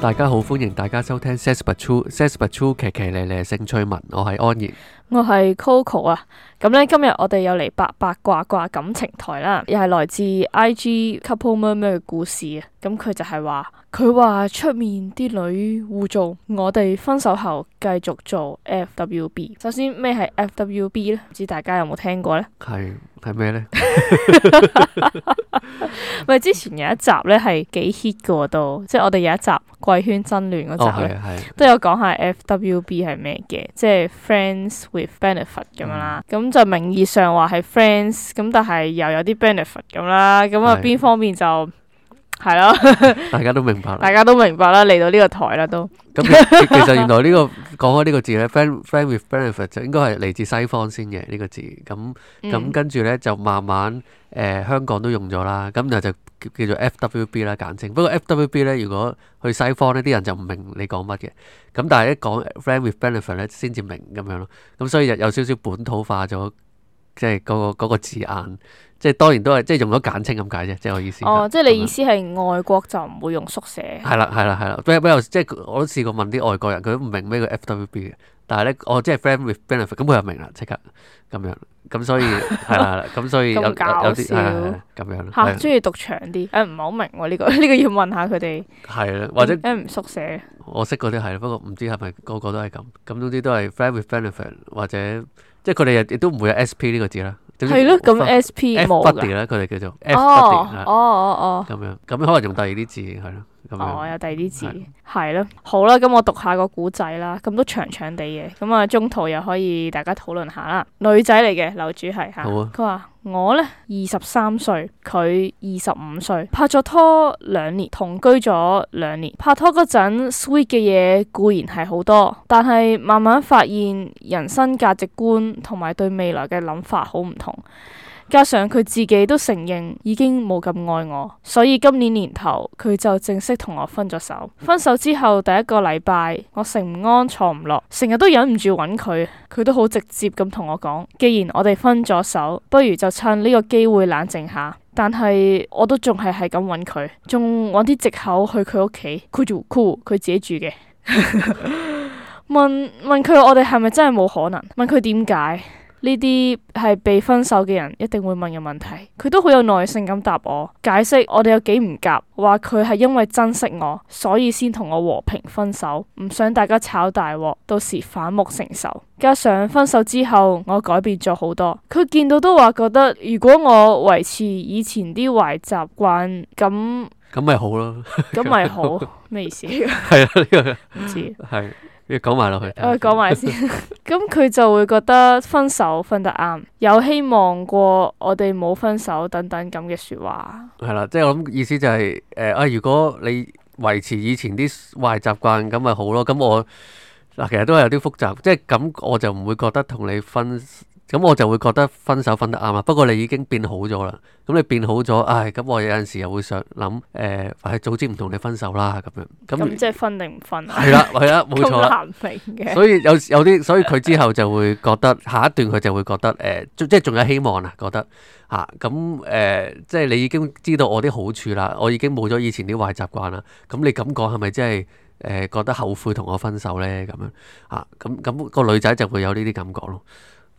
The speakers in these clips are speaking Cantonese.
大家好，歡迎大家收聽 oo，奇奇嘞嘞《Sex p a t r o Sex Patrol》奇奇咧咧性趣聞，我係安然。我係 Coco 啊，咁、嗯、咧今日我哋又嚟八八卦卦感情台啦，又係來自 IG couple 咩咩嘅故事啊，咁、嗯、佢就係話佢話出面啲女污糟，我哋分手後繼續做 FWB。首先咩係 FWB 咧？唔知大家有冇聽過咧？係係咩咧？咪之前有一集咧係幾 hit 噶都，即係我哋有一集貴圈真亂嗰集、oh, 都有講下 FWB 係咩嘅，即、就、係、是、Friends。with benefit 咁樣啦，咁就名義上話係 friends，咁但係又有啲 benefit 咁啦，咁啊邊方面就係咯，的了大家都明白啦， 大家都明白啦，嚟到呢個台啦都、嗯。咁 其實原來呢、這個講開呢個字咧，friend，friend with benefit 就應該係嚟自西方先嘅呢個字，咁咁跟住咧就慢慢誒、呃、香港都用咗啦，咁然後就。叫做 FWB 啦簡稱，不過 FWB 咧，如果去西方呢啲人就唔明你講乜嘅。咁但係一講 friend with benefit 咧，先至明咁樣咯。咁所以就有少少本土化咗，即係嗰、嗰個嗰個字眼，即係當然都係即係用咗簡稱咁解啫，即係我意思。哦，嗎即係你意思係外國就唔會用縮寫。係啦，係啦，係啦。不不，即係我都試過問啲外國人，佢都唔明咩叫 FWB 嘅。但係咧，我即係 friend with benefit，咁佢又明啦，即刻咁樣，咁所以係啦，咁所以有有啲係咁樣啦。嚇，鍾意讀長啲，誒唔係好明喎呢個，呢個要問下佢哋。係啦，或者誒唔宿舍。我識嗰啲係，不過唔知係咪個個都係咁。咁總之都係 friend with benefit，或者即係佢哋亦都唔會有 SP 呢個字啦。係咯，咁 SP buddy 啦。佢哋叫做 F body 哦哦哦，咁樣咁可能用第二啲字係啦。我、哦、有第二啲字，係咯是，好啦，咁我讀下個古仔啦，咁都長長地嘅，咁啊中途又可以大家討論下啦。女仔嚟嘅，樓主係吓，佢話我呢，二十三歲，佢二十五歲，拍咗拖兩年，同居咗兩年，拍拖嗰陣 sweet 嘅嘢固然係好多，但係慢慢發現人生價值觀同埋對未來嘅諗法好唔同。加上佢自己都承認已經冇咁愛我，所以今年年頭佢就正式同我分咗手。分手之後第一個禮拜，我成唔安坐唔落，成日都忍唔住揾佢。佢都好直接咁同我講，既然我哋分咗手，不如就趁呢個機會冷靜下。但係我都仲係係咁揾佢，仲揾啲藉口去佢屋企。佢住 cool，佢自己住嘅。 問問佢我哋係咪真係冇可能？問佢點解？呢啲係被分手嘅人一定會問嘅問題，佢都好有耐性咁答我，解釋我哋有幾唔夾，話佢係因為珍惜我，所以先同我和平分手，唔想大家炒大鑊，到時反目成仇。加上分手之後，我改變咗好多，佢見到都話覺得，如果我維持以前啲壞習慣，咁咁咪好咯，咁 咪好，咩意思啊？係啊 道，呢個唔知係。要講埋落去，啊，講埋先。咁佢就會覺得分手分得啱，有希望過我哋冇分手等等咁嘅說話。係啦，即係我諗意思就係、是，誒，啊，如果你維持以前啲壞習慣，咁咪好咯。咁我嗱，其實都係有啲複雜，即係咁我就唔會覺得同你分。咁我就會覺得分手分得啱啦。不過你已經變好咗啦，咁你變好咗，唉、哎，咁我有陣時又會想諗，誒、呃，誒、哎，早知唔同你分手啦，咁樣咁即係分定唔分啊？係啦，係啦，冇錯。難明嘅。所以有有啲，所以佢之後就會覺得，下一段佢就會覺得，誒、呃，即係仲有希望啊，覺得吓咁誒，即係你已經知道我啲好處啦，我已經冇咗以前啲壞習慣啦。咁、啊嗯、你咁講係咪即係誒，覺得後悔同我分手咧？咁樣啊，咁、啊、咁、啊啊啊咁個女仔就會有呢啲感覺咯。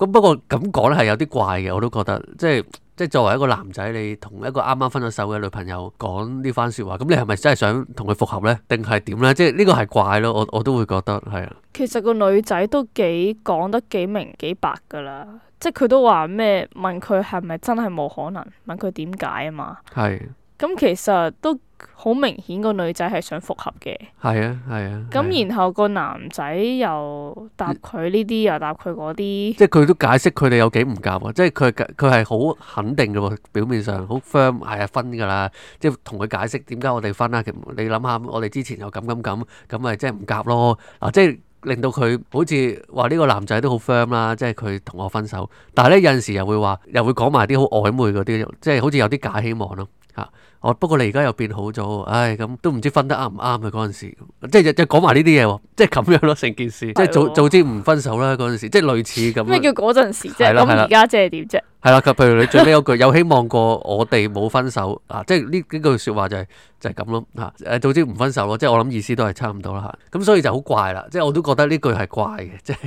咁不過咁講咧，係有啲怪嘅，我都覺得，即係即係作為一個男仔，你同一個啱啱分咗手嘅女朋友講呢番説話，咁你係咪真係想同佢復合咧？定係點咧？即係呢個係怪咯，我我都會覺得係啊。其實個女仔都幾講得幾明幾白㗎啦，即係佢都話咩？問佢係咪真係冇可能？問佢點解啊嘛。係。咁其實都。好明顯個女仔係想復合嘅，係啊係啊。咁、啊啊、然後個男仔又答佢呢啲，也又答佢嗰啲，即係佢都解釋佢哋有幾唔夾喎。即係佢佢係好肯定嘅，表面上好 firm，係啊分噶啦。即係同佢解釋點解我哋分啦。你諗下，我哋之前又咁咁咁，咁咪即係唔夾咯。嗱，即係令到佢好似話呢個男仔都好 firm 啦。即係佢同我分手，但係咧有陣時又會話，又會講埋啲好曖昧嗰啲，即係好似有啲假希望咯。吓，我、啊、不過你而家又變好咗，唉，咁都唔知分得啱唔啱嘅嗰陣時，即係即講埋呢啲嘢，即係咁樣咯，成件事，即係早早知唔分手啦嗰陣時，即係類似咁。咩叫嗰陣時啫？咁而家即係點啫？係啦，譬如你最尾嗰句 有希望過我哋冇分手啊，即係呢幾句說話就係、是、就係咁咯，吓、啊、誒，早知唔分手咯，即係我諗意思都係差唔多啦吓，咁、啊、所以就好怪啦，即係我都覺得呢句係怪嘅，即係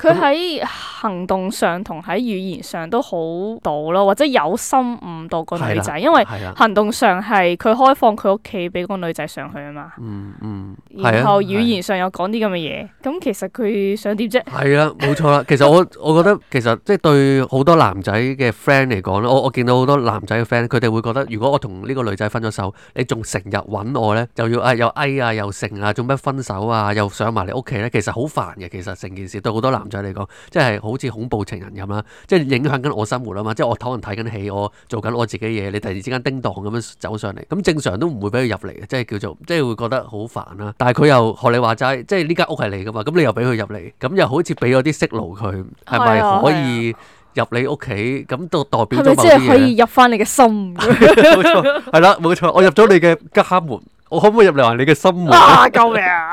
佢喺行動上同喺語言上都好到咯，或者有心誤導個女仔，因為行動上係佢開放佢屋企俾嗰個女仔上去啊嘛，嗯嗯，嗯然後語言上有講啲咁嘅嘢，咁、啊、其實佢想點啫？係啊，冇錯啦。其實我 我覺得其實即係對好多男仔嘅 friend 嚟講，我我見到好多男仔嘅 friend，佢哋會覺得如果我同呢個女仔分咗手，你仲成日揾我呢？就要啊又哀啊又剩啊，做咩、啊、分手啊，又上埋你屋企呢。」其實好煩嘅。其實成件事對好多男仔嚟講，即係好似恐怖情人咁啦，即係影響緊我生活啊嘛，即係我可能睇緊戲，我，我做緊我自己嘢，你突然之間叮當。咁樣走上嚟，咁正常都唔會俾佢入嚟嘅，即係叫做，即係會覺得好煩啦。但係佢又學你話齋，即係呢間屋係你噶嘛，咁你又俾佢入嚟，咁又好似俾咗啲色奴佢，係咪不不可以入你屋企？咁都代表咗即係可以入翻你嘅心。冇錯， 係啦，冇錯，我入咗你嘅家門，我可唔可以入嚟話你嘅心門？救命啊！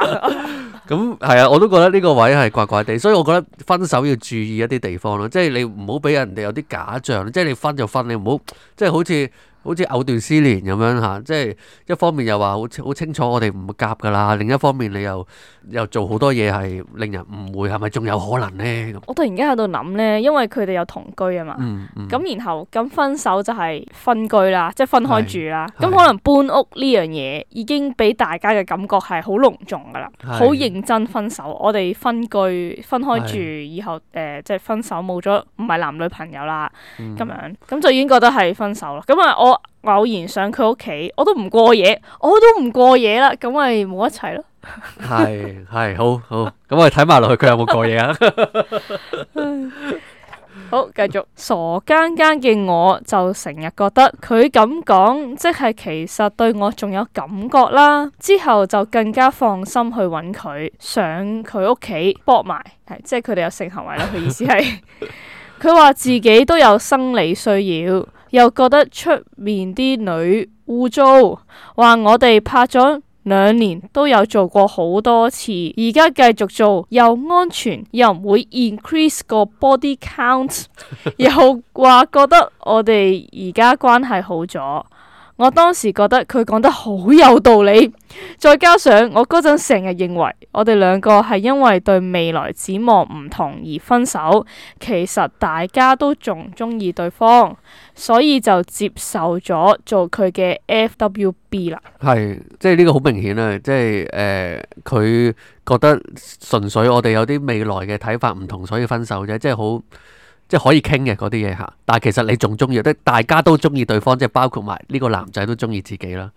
咁係啊，我都覺得呢個位係怪怪地，所以我覺得分手要注意一啲地方咯，即係你唔好俾人哋有啲假象，即係你分就分，你唔好即係好似。好似藕斷絲連咁樣嚇，即係一方面又話好好清楚我哋唔夾噶啦，另一方面你又又做好多嘢係令人誤會，係咪仲有可能呢？我突然間喺度諗呢，因為佢哋有同居啊嘛，咁、嗯嗯、然後咁分手就係分居啦，即、就、係、是、分開住啦。咁是可能搬屋呢樣嘢已經俾大家嘅感覺係好隆重噶啦，好是認真分手。我哋分居、分開住，以後誒即係分手冇咗，唔係男女朋友啦咁、嗯、樣，咁就已經覺得係分手啦。咁啊我。偶然上佢屋企，我都唔過夜，我都唔過夜啦，咁咪冇一齊咯。係係好好，咁我哋睇埋落去佢有冇過夜？啊？好，繼續傻更更嘅我就成日覺得佢咁講，即係其實對我仲有感覺啦。之後就更加放心去揾佢上佢屋企搏埋，係即係佢哋有性行為啦。佢 意思係佢話自己都有生理需要。又覺得出面啲女污糟，話我哋拍咗兩年都有做過好多次，而家繼續做又安全又唔會 increase 個 body count， 又話覺得我哋而家關係好咗。我當時覺得佢講得好有道理，再加上我嗰陣成日認為我哋兩個係因為對未來展望唔同而分手，其實大家都仲中意對方，所以就接受咗做佢嘅 F.W.B 啦。係，即係呢個好明顯啊！即係誒，佢、呃、覺得純粹我哋有啲未來嘅睇法唔同，所以分手啫，即係好。即係可以傾嘅嗰啲嘢嚇，但係其實你仲中意，即大家都中意對方，即係包括埋呢個男仔都中意自己啦。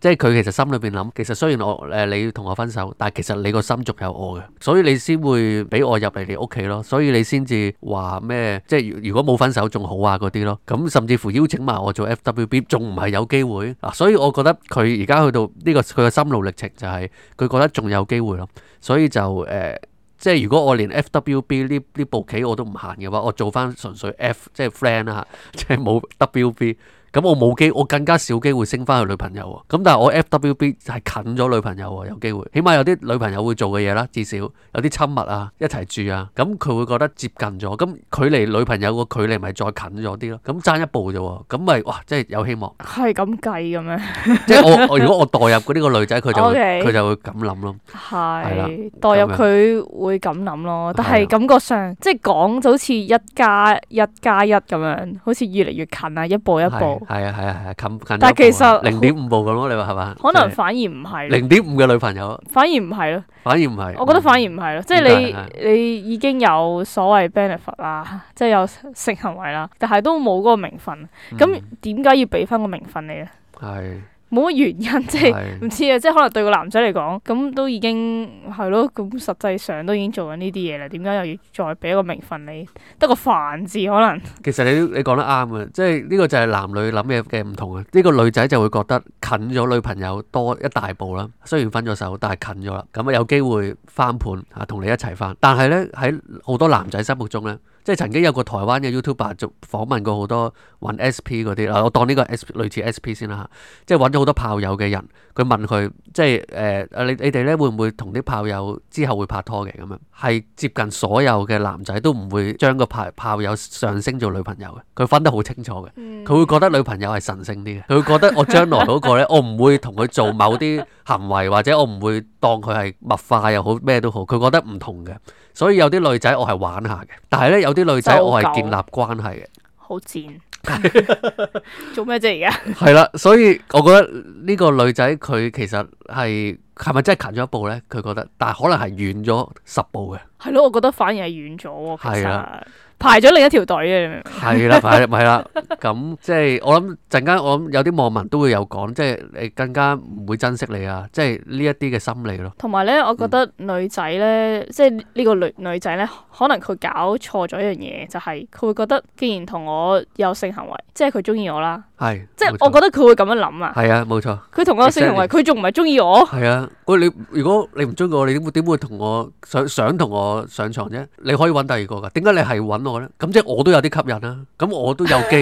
即係佢其實心裏邊諗，其實雖然我誒、呃、你要同我分手，但係其實你個心仲有我嘅，所以你先會俾我入嚟你屋企咯。所以你先至話咩？即係如果冇分手仲好啊嗰啲咯。咁甚至乎邀請埋我做 FWB，仲唔係有機會啊？所以我覺得佢而家去到呢、這個佢嘅心路歷程就係、是、佢覺得仲有機會咯，所以就誒。呃即係如果我連 FWB 呢呢部棋我都唔行嘅話，我做翻純粹 F，即係 friend 啦，即係冇 WB。咁我冇機，我更加少機會升翻佢女朋友喎。咁但係我 F W B 係近咗女朋友喎，有機會。起碼有啲女朋友會做嘅嘢啦，至少有啲親密啊，一齊住啊，咁佢會覺得接近咗，咁距離女朋友個距離咪再近咗啲咯？咁爭一步啫，咁咪哇，即係有希望。係咁計咁樣。 即係我如果我代入呢個女仔，佢就佢就會咁諗咯。係 ，Okay. 是代入佢會咁諗咯，但係感覺上即係講就好似一,一加一加一咁樣，好似越嚟越近啊，一步一步。係啊係啊係近近，但係其實零點五步咁咯，你話係嘛？可能反而唔係零點五嘅女朋友，反而唔係咯，反而唔係。我覺得反而唔係咯，嗯、即係你你已經有所謂 benefit 啦，嗯、即係有性行為啦，但係都冇嗰個名分，咁點解要俾翻個名分你咧？係。冇乜原因，即係唔是知啊！即係可能對個男仔嚟講，咁都已經係咯，咁實際上都已經做緊呢啲嘢啦。點解又要再俾一個名分你？得個煩字可能。其實你你講得啱啊！即係呢個就係男女諗嘢嘅唔同啊！呢個女仔就會覺得近咗女朋友多一大步啦。雖然分咗手，但係近咗啦，咁有機會翻盤嚇，同你一齊翻。但係呢，喺好多男仔心目中呢。即係曾經有個台灣嘅 YouTuber 做訪問過好多揾 S.P. 嗰啲啊，我當呢個 S.P. 類似 S.P. 先啦嚇。即係揾咗好多炮友嘅人，佢問佢即係誒啊你你哋咧會唔會同啲炮友之後會拍拖嘅咁樣？係接近所有嘅男仔都唔會將個炮炮友上升做女朋友嘅，佢分得好清楚嘅。佢會覺得女朋友係神聖啲嘅，佢會覺得我將來嗰個咧，我唔會同佢做某啲。行為或者我唔會當佢係物化又好咩都好，佢覺得唔同嘅，所以有啲女仔我係玩下嘅，但係呢，有啲女仔我係建立關係嘅，好賤， 做咩啫而家？係啦，所以我覺得呢個女仔佢其實係係咪真係近咗一步呢？佢覺得，但係可能係遠咗十步嘅，係咯，我覺得反而係遠咗，係啦。排咗另一條隊啊！係啦，排啦，係啦。咁即係我諗陣間，我諗有啲網民都會有講，即係你更加唔會珍惜你啊！即係呢一啲嘅心理咯。同埋咧，我覺得女仔咧，嗯、即係呢個女女仔咧，可能佢搞錯咗一樣嘢，就係、是、佢會覺得既然同我有性行為，即係佢中意我啦。係，即係我覺得佢會咁樣諗啊。係啊，冇錯。佢同我性行為，佢仲唔係中意我？係啊，佢你如果你唔中意我，你點會點會同我想想同我上床啫？你可以揾第二個噶，點解你係揾我咧？咁即係我都有啲吸引啦，咁我都有機，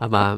係嘛？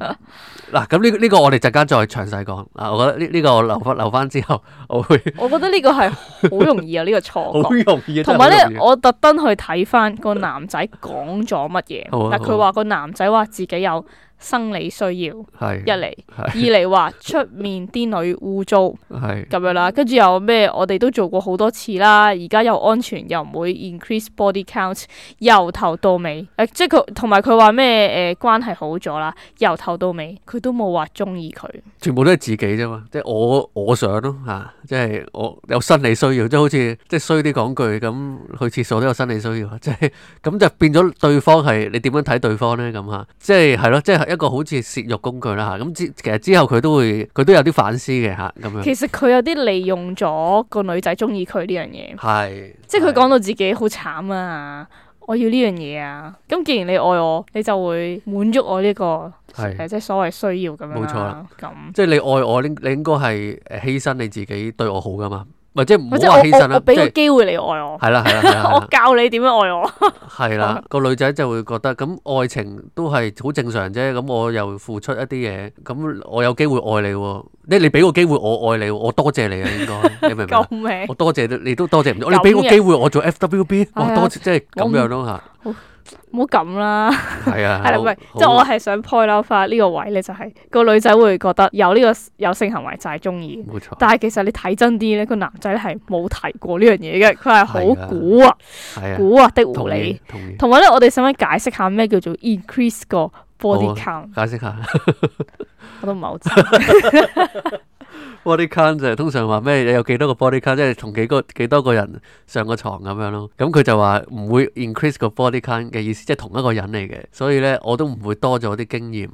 嗱，咁呢呢個我哋陣間再詳細講。嗱，我覺得呢呢個我留翻留翻之後我會。我覺得呢個係好容易啊！呢個錯，好容易，同埋咧，我特登去睇翻個男仔講咗乜嘢。但佢話個男仔話自己有，生理需要，係一嚟，二嚟話出面啲女污糟，係咁樣啦。跟住又咩？我哋都做過好多次啦，而家又安全，又唔會 increase body count。由頭到尾，誒，即係佢同埋佢話咩？誒，關係好咗啦，由頭到尾，佢都冇話中意佢。全部都係自己啫嘛，即係我我想咯吓，即係我有生理需要，即係好似即係衰啲講句咁，去廁所都有生理需要，即係咁就變咗對方係你點樣睇對方咧？咁吓，即係係咯，即係。一個好似泄欲工具啦吓，咁之其實之後佢都會佢都有啲反思嘅吓，咁樣。其實佢有啲利用咗個女仔中意佢呢樣嘢。係是，即係佢講到自己好慘啊！我要呢樣嘢啊！咁既然你愛我，你就會滿足我呢、這個誒，是即係所謂需要咁樣。冇錯啦，咁樣即係你愛我，你你應該係犧牲你自己對我好噶嘛。唔係，即係唔好話犧牲啦，即係俾個機會你愛我，係啦係啦係啦，我教你點樣愛我係啦。個女仔就會覺得咁愛情都係好正常啫，咁我又付出一啲嘢，咁我有機會愛你喎，即係你俾個機會我愛你，我多謝你啊，應該你明唔明？我多謝你都多謝唔到。你俾個機會我做 F W B，多謝，哇，即係咁樣咯嚇。唔好咁啦，係啊，係啦 是，唔係好，即係我係想 point out 翻呢個位咧、就是，就係好個女仔會覺得有呢、這個有性行為就係中意，冇錯錯。但係其實你睇真啲咧，個男仔咧係冇提過呢樣嘢嘅，佢係好蠱啊，蠱惑的狐狸。啊、同埋咧，呢意我哋使唔使解釋下咩叫做 increase your body count？解釋下， 我都唔係好知。 body count 就即係通常話咩？有幾多個 body count 即係同幾個幾多個人上個床咁樣咯。咁、嗯、佢就話唔會 increase 個 body count 嘅意思，即係同一個人嚟嘅。所以咧，我都唔會多咗啲經驗。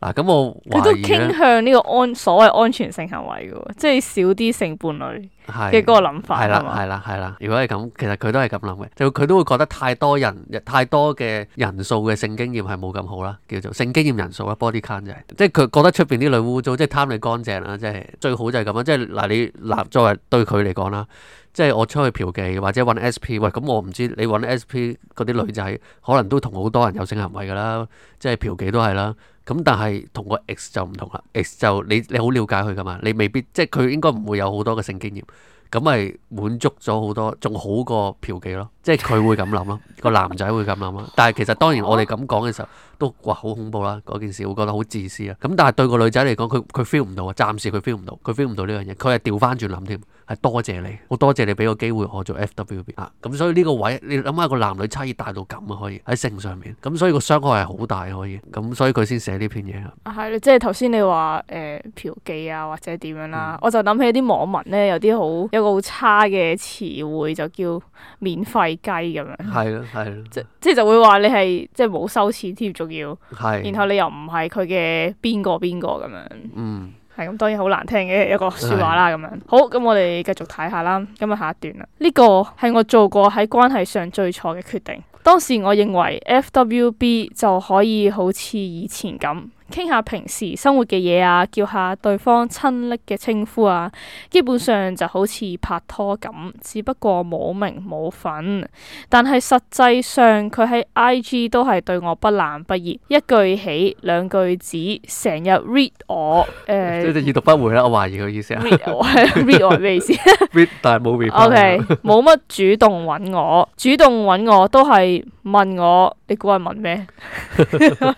嗱咁、啊、我，都傾向呢個安所謂安全性行為嘅喎，即係少啲性伴侶嘅嗰個諗法。係啦，係啦，係啦。如果係咁，其實佢都係咁諗嘅，就佢都會覺得太多人、太多嘅人數嘅性經驗係冇咁好啦，叫做性經驗人數啦。Body count 就係，即係佢覺得出邊啲女污糟，即係貪你乾淨啦，即係最好就係咁樣。即係嗱，你嗱作為對佢嚟講啦，即係我出去嫖妓或者揾 SP，喂咁我唔知你揾 SP 嗰啲女仔，可能都同好多人有性行為噶啦，即係嫖妓都係啦。咁但係同個 X 就唔同啦，X 就你你好了解佢㗎嘛，你未必即係佢應該唔會有好多嘅性經驗，咁咪滿足咗好多，仲好過嫖妓咯，即係佢會咁諗咯，個 男仔會咁諗咯，但係其實當然我哋咁講嘅時候。都哇好恐怖啦！嗰件事我覺得好自私啊！咁但係對個女仔嚟講，佢佢 feel 唔到啊，暫時佢 feel 唔到，佢 feel 唔到呢樣嘢，佢係調翻轉諗添，係多謝你，好多謝你俾個機會我做 F.W.B. 啊！咁所以呢個位你諗下個男女差異大到咁啊，可以喺性上面，咁所以個傷害係好大可以，咁所以佢先寫呢篇嘢啊！係即係頭先你話誒、呃、嫖妓啊或者點樣啦、啊，嗯、我就諗起啲網民咧有啲好有個好差嘅詞彙就叫免費雞咁樣，係咯係咯，即即就係會話你係即係冇收錢添。要然後你又唔係佢嘅邊個邊個咁、嗯、樣，嗯，係咁當然好難聽嘅一個說話啦，咁是樣。好，咁我哋繼續睇下啦，今日下一段啦。呢、這個係我做過喺關係上最錯嘅決定，當時我認為 FWB 就可以好似以前咁。傾下平時生活嘅嘢啊，叫下對方親昵嘅稱呼啊，基本上就好似拍拖咁，只不過冇名冇份。但係實際上佢喺 IG 都係對我不冷不熱，一句起兩句止，成日 read 我誒。即係已讀不回啦，我懷疑佢意思啊。read 我 read 我咩 意思？read 但係冇 read。OK，冇乜主動揾我，主動揾我都係問我，你估係問咩？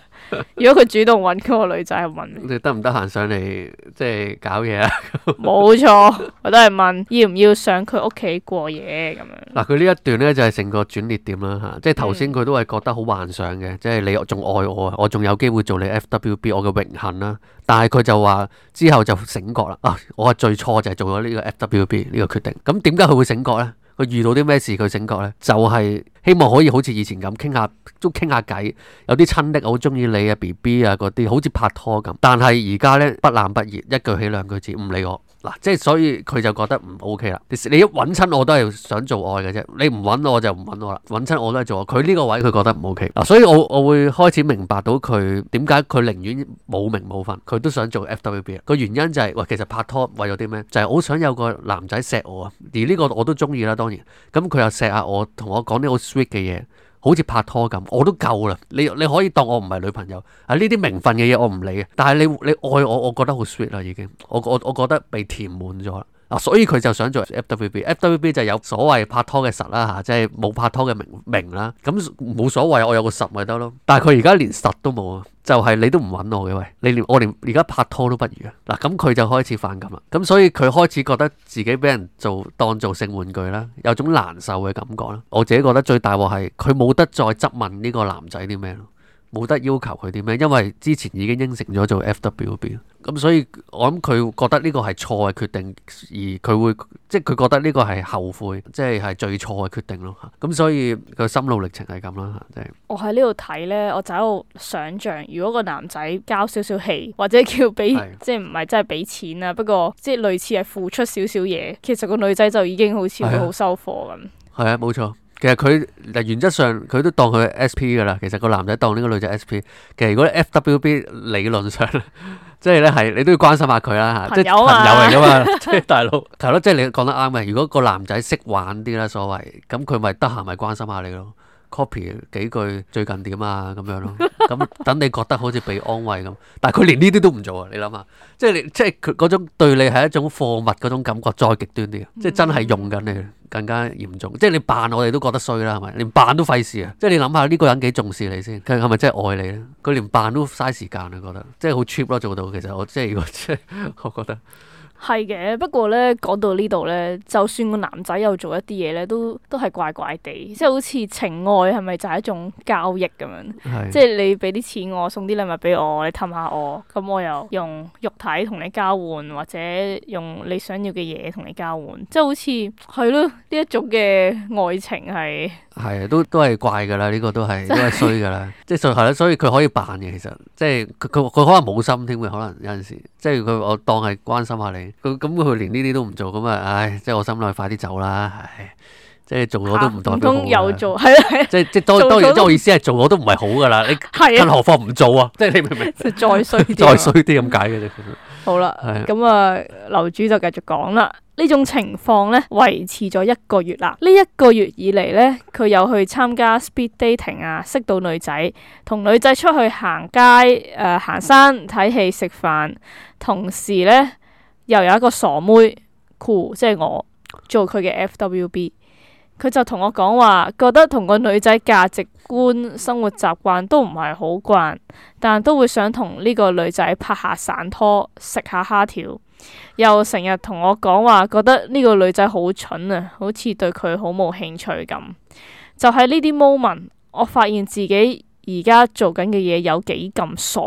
如果佢主動揾嗰個女仔，去問你得唔得閒上嚟，即係搞嘢啊？冇 錯，我都係問要唔要上佢屋企過夜咁樣嗱。佢呢一段呢就係成個轉捩點啦吓，即係頭先佢都係覺得好幻想嘅，即係你仲愛我啊，我仲有機會做你 F W B，我嘅榮幸啦。但係佢就話之後就醒覺啦啊，我啊最錯就係做咗呢個 F W B 呢個決定咁，點解佢會醒覺呢？佢遇到啲咩事，佢醒覺咧就係希望可以好似以前咁傾下，都傾下偈，有啲親昵，好鍾意你啊，B B 啊，嗰啲好似拍拖咁。但係而家咧不冷不熱，一句起兩句止，唔理我。嗱，即係所以佢就覺得唔 OK 啦。你一揾親我都係想做愛嘅啫，你唔揾我就唔揾我啦，揾親我都係做愛。佢呢個位佢覺得唔 OK 嗱、啊，所以我我會開始明白到佢點解佢寧願冇名冇份，佢都想做 F.W.B。個原因就係、是、喂，其實拍拖為咗啲咩？就係、是、好想有個男仔錫我啊，而呢個我都中意啦，當然。咁佢又錫下我，同我講啲好 sweet 嘅嘢。好似拍拖咁，我都夠啦。你你可以當我唔係女朋友啊？呢啲名分嘅嘢我唔理啊。但係你你愛我，我覺得好 sweet 啦、啊。已經，我我我覺得被填滿咗啦。嗱，所以佢就想做 F.W.B.，F.W.B. 就有所謂拍拖嘅實啦嚇，即係冇拍拖嘅名名啦，咁冇所謂，我有個實咪得咯。但係佢而家連實都冇啊，就係、是、你都唔揾我嘅喂，你連我連而家拍拖都不如啊！嗱，咁佢就開始反感啦，咁所以佢開始覺得自己俾人做當做性玩具啦，有種難受嘅感覺啦。我自己覺得最大鑊係佢冇得再質問呢個男仔啲咩咯。冇得要求佢啲咩，因為之前已經應承咗做 FWB 咁，所以我諗佢覺得呢個係錯嘅決定，而佢會即係佢覺得呢個係後悔，即係係最錯嘅決定咯嚇。咁所以佢心路歷程係咁啦嚇，即係。我喺呢度睇呢，我就喺度想像，如果個男仔交少少氣，或者叫俾，即係唔係真係俾錢啊？不過即係類似係付出少少嘢，其實個女仔就已經好似好收貨咁。係啊，冇錯。其實佢嗱，原則上佢都當佢 S.P. 噶啦。其實個男仔當呢個女仔 S.P. 其實如果 F.W.B. 理論上，即係咧係你都要關心下佢啦，即係朋友嚟噶嘛，即係 大佬係咯，即係你講得啱嘅。如果個男仔識玩啲啦，所謂咁佢咪得閒咪關心下你咯 ，copy 幾句最近點啊咁樣咯。咁等你覺得好似被安慰咁，但係佢連呢啲都唔做啊！你諗下，即係你即係佢嗰種對你係一種貨物嗰種感覺再極端啲，即係真係用緊你。更加嚴重，即係你扮我哋都覺得衰啦，係咪？連扮都費事啊！即係你諗下呢個人幾重視你先，佢係咪真係愛你咧？佢連扮都嘥時間啊！覺得即係好 cheap 咯，做到其實我即係如果即係，我， 我覺得係嘅。不過咧，講到呢度咧，就算個男仔又做一啲嘢咧，都都係怪怪地，即係好似情愛係咪就係一種交易咁樣？是的 即係你俾啲錢我，送啲禮物俾我，你氹下我，咁我又用肉體同你交換，或者用你想要嘅嘢同你交換，即係好似係咯。呢一種嘅愛情係係啊，都、這個就是、都係怪噶啦，呢個都係都係衰噶啦，即係係咯，所以佢可以扮嘅其實，即係佢佢可能冇心添，可能有陣時，即係佢我當係關心下你，佢咁佢連呢啲都唔做，咁啊唉，即係我心內快啲走啦，唉，即係做咗都唔做，有做係啦即係即當當然即係我意思係做咗都唔係好噶啦，你，更，何況唔做啊，即係你明唔明？再衰，再衰啲咁解嘅啫。好啦，咁啊，樓主就繼續講啦。呢種情況呢維持咗一個月啦。呢一個月以嚟呢，佢有去參加 speed dating 啊，識到女仔，同女仔出去行街、呃、行山、睇戲、食飯。同時呢，又有一個傻妹 Coco，即係我做佢嘅 FWB。佢就同我講話，覺得同個女仔價值觀、生活習慣都唔係好慣，但都會想同呢個女仔拍下散拖，食下蝦條。又成日同我講話，覺得呢個女仔好蠢啊，好似對佢好冇興趣咁。就喺呢啲 moment，我發現自己而家做緊嘅嘢有幾咁傻。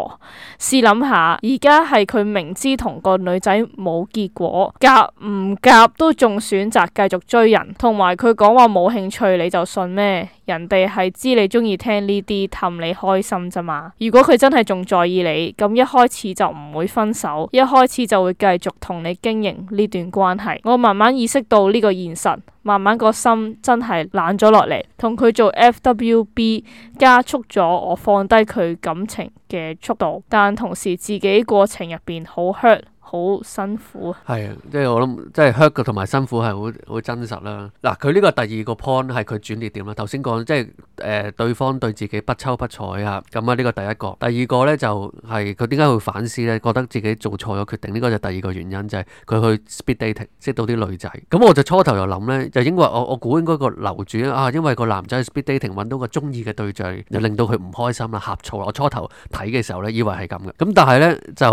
試諗下，而家係佢明知同個女仔冇結果，夾唔夾都仲選擇繼續追人，同埋佢講話冇興趣，你就信咩？人哋係知你鍾意聽呢啲氹你開心啫嘛。如果佢真係仲在意你，咁一開始就唔會分手，一開始就會繼續同你經營呢段關係。我慢慢意識到呢個現實，慢慢個心真係冷咗落嚟。同佢做 FWB 加速咗我放低佢感情嘅速度，但同時自己過程入邊好 hurt。好 辛苦啊！係啊，即係我諗，即係 hurt 同埋辛苦係好好真實啦。嗱，佢、這、呢個第二個 point 係佢轉捩點啦。頭先講即係誒、呃，對方對自己不抽不睬啊，咁啊呢個第一個。第二個呢就係佢點解會反思呢？覺得自己做錯咗決定，呢、這個就第二個原因就係、是、佢去 speed dating 識到啲女仔。咁我就初頭又諗呢，就應該我我估應該個樓主啊，因為個男仔 speed dating 揾到個中意嘅對象，就令到佢唔開心啦，呷醋啦。我初頭睇嘅時候呢，以為係咁嘅。咁但係呢，就誒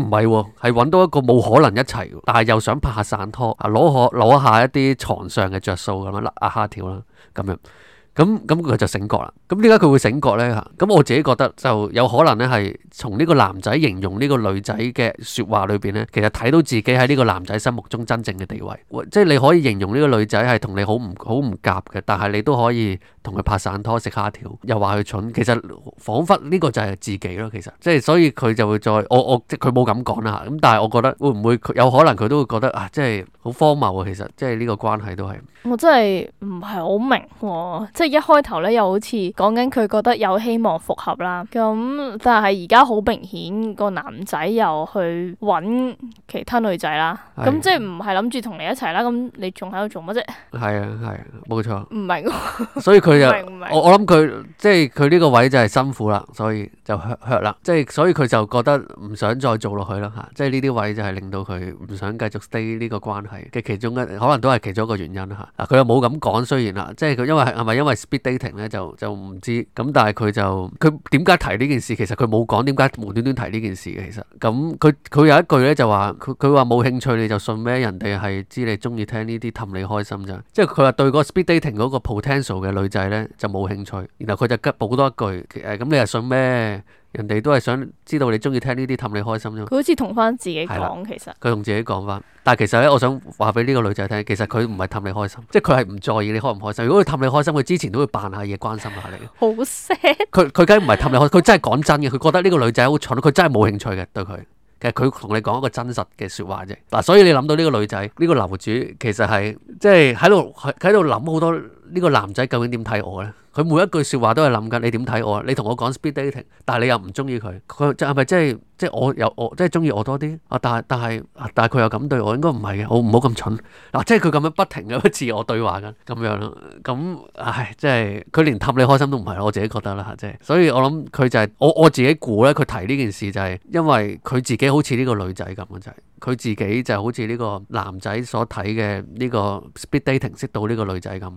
唔係喎，係、呃。揾到一個冇可能一齊，但係又想拍下散拖，啊攞下攞下一啲床上嘅着數咁樣啦，阿蝦條啦，咁樣，咁咁佢就醒覺啦。咁點解佢會醒覺呢？吓，咁我自己覺得就有可能呢，係從呢個男仔形容呢個女仔嘅說話裏邊呢，其實睇到自己喺呢個男仔心目中真正嘅地位。即係你可以形容呢個女仔係同你好唔好唔夾嘅，但係你都可以。同佢拍散拖食蝦條，又話佢蠢，其實仿佛呢個就係自己咯，其實即係所以佢就會再我我即佢冇咁講啦吓，咁但係我覺得會唔會有可能佢都會覺得啊，即係好荒謬啊，其實即係呢個關係都係我真係唔係好明，即係一開頭咧又好似講緊佢覺得有希望復合啦，咁但係而家好明顯個男仔又去搵其他女仔啦，咁、啊、即係唔係諗住同你一齊啦，咁你仲喺度做乜啫？係啊，係啊，冇錯、啊。唔、啊、明， 所以佢。佢就我我諗佢即係佢呢個位就係辛苦啦，所以就 hurt hurt 啦，即係所以佢就覺得唔想再做落去咯，吓，即係呢啲位就係令到佢唔想繼續 stay 呢個關係嘅其中一可能都係其中一個原因吓。佢又冇咁講，雖然啦，即係佢因為係咪因為 speed dating 咧就就唔知咁，但係佢就佢點解提呢件事？其實佢冇講點解無端端提呢件事嘅，其實咁佢佢有一句咧就話佢佢話冇興趣你就信咩？人哋係知你中意聽呢啲氹你開心啫，即係佢話對個 speed dating 嗰個 potential 嘅女仔。就冇興趣，然後佢就急補多一句，誒，咁你又信咩？人哋都係想知道你中意聽呢啲氹你開心啫。佢好似同翻自己講的其實，佢同自己講翻。但係其實咧，我想話俾呢個女仔聽，其實佢唔係氹你開心，即係佢係唔在意你開唔開心。如果佢氹你開心，佢之前都會扮下嘢關心下你。好 sad。佢佢梗唔係氹你開心，佢 真係講真嘅。佢覺得呢個女仔好蠢，佢真係冇興趣嘅對佢。其實佢同你講一個真實嘅説話啫。嗱、啊，所以你諗到呢個女仔，呢、呢個樓主其實係即係喺度諗好多。呢、呢個男仔究竟點睇我呢？佢每一句説話都係諗緊，你點睇我？你同我講 speed dating，但係你又唔中意佢，佢即係咪即係即係我有我即係中意我多啲啊？但係、啊、但係但係佢又咁對我，應該唔係嘅，我唔好咁蠢嗱，即係佢咁樣不停咁自我對話緊，咁樣咯，咁唉，即係佢連氹你開心都唔係，我自己覺得啦即係，所以我諗佢就係、是、我我自己估咧，佢提呢件事就係、是、因為佢自己好似呢個女仔咁嘅就係、是，佢自己就好似呢個男仔所睇嘅呢個 speed dating 識到呢個女仔咁。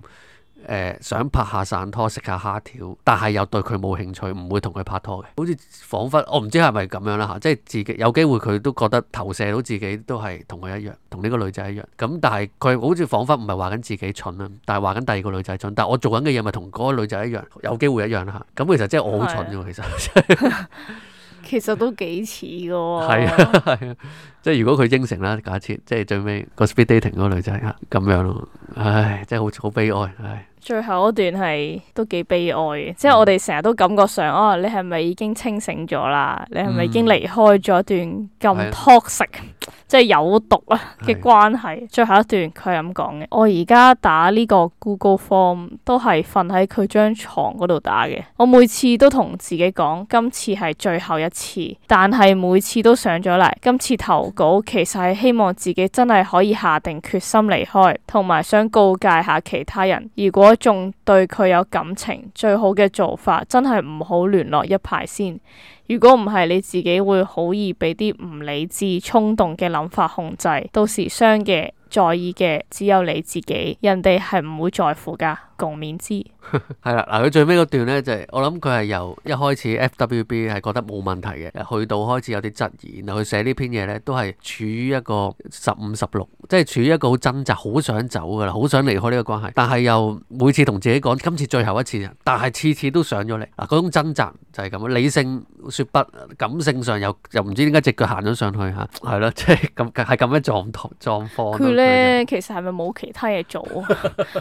誒想拍下散拖食下蝦條，但係又對佢冇興趣，唔會同佢拍拖嘅，好似彷彿我唔知係咪咁樣啦嚇，即係自己有機會佢都覺得投射到自己都係同佢一樣，同呢個女仔一樣。咁但係佢好似彷彿唔係話緊自己蠢啊，但係話緊第二個女仔蠢。但係我做緊嘅嘢咪同嗰個女仔一樣，有機會一樣啦嚇。咁其實即係我好蠢啫，其實，其實都幾似嘅喎。係啊係啊，即係如果佢應承啦，假設即係最尾個 speed dating 嗰個女仔嚇咁樣咯，唉，即係好好悲哀唉。最後一段係都幾悲哀嘅，嗯、即係我哋成日都感覺上，哦、啊，你係咪已經清醒咗啦？嗯、你係咪已經離開咗一段咁 toxic，的即係有毒啊嘅關係？的最後一段佢係咁講嘅，我而家打呢個 Google Form 都係瞓喺佢張床嗰度打嘅。我每次都同自己講，今次係最後一次，但係每次都上咗嚟。今次投稿其實係希望自己真係可以下定決心離開，同埋想告誡下其他人，如果仲對佢有感情，最好嘅做法真係唔好聯絡一排先。如果唔係，你自己會好易俾啲唔理智、衝動嘅諗法控制，到時傷嘅、在意嘅只有你自己，人哋係唔會在乎㗎。共勉之，係啦，嗱，佢 最尾嗰段咧就係、是，我諗佢係由一開始 F.W.B 係覺得冇問題嘅，去到開始有啲質疑，然後佢寫呢篇嘢咧都係處於一個十五十六，16，即係處於一個好掙扎，好想走㗎喇，好想離開呢個關係，但係又每次同自己講今次最後一次，但係次次都上咗嚟，嗱，嗰種掙扎就係咁樣，理性說不，感性上又又唔知點解隻腳行咗上去吓，係咯，即係咁係咁樣狀狀況。佢咧呢、就是、其實係咪冇其他嘢做啊？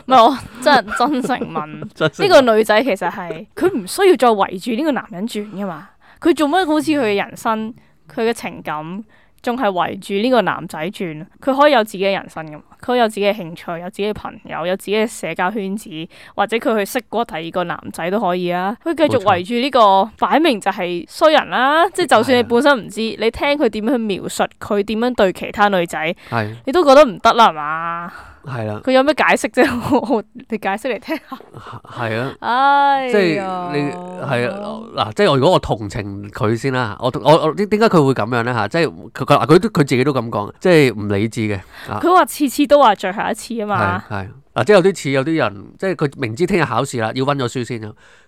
唔係我真。新成文呢個女仔其實係佢唔需要再圍住呢個男人轉噶嘛，佢做乜好似佢嘅人生、佢嘅情感仲係圍住呢個男仔轉？佢可以有自己嘅人生噶嘛，佢可以有自己嘅興趣、有自己嘅朋友、有自己嘅社交圈子，或者佢去識過第二個男仔都可以啊。佢繼續圍住呢個擺錯明就係衰人啦、啊，即係就算你本身唔知，你聽佢點樣去描述佢點樣對其他女仔，的你都覺得唔得啦，係嘛？係啦，佢有咩解釋啫？ 你解釋嚟聽下。係啊的，哎、呦即係你係啊，嗱，即係我如果我同情佢先啦，我我我點解佢會咁樣咧？吓，即係佢佢佢自己都咁講，即係唔理智嘅。佢話次次都話最後一次啊嘛。係嗱，即係有啲似有啲人，即係佢明知聽日考試啦，要温咗書先。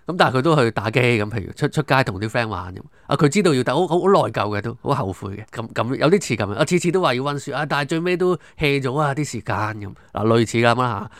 咁但係佢都去打機咁，譬如出出街同啲 friend 玩咁。啊，佢知道要但好好內疚嘅，都好後悔嘅。咁咁有啲似咁，我次次都話要温書啊，但係最尾都棄咗啊啲時間咁。嗱、啊，類似咁啦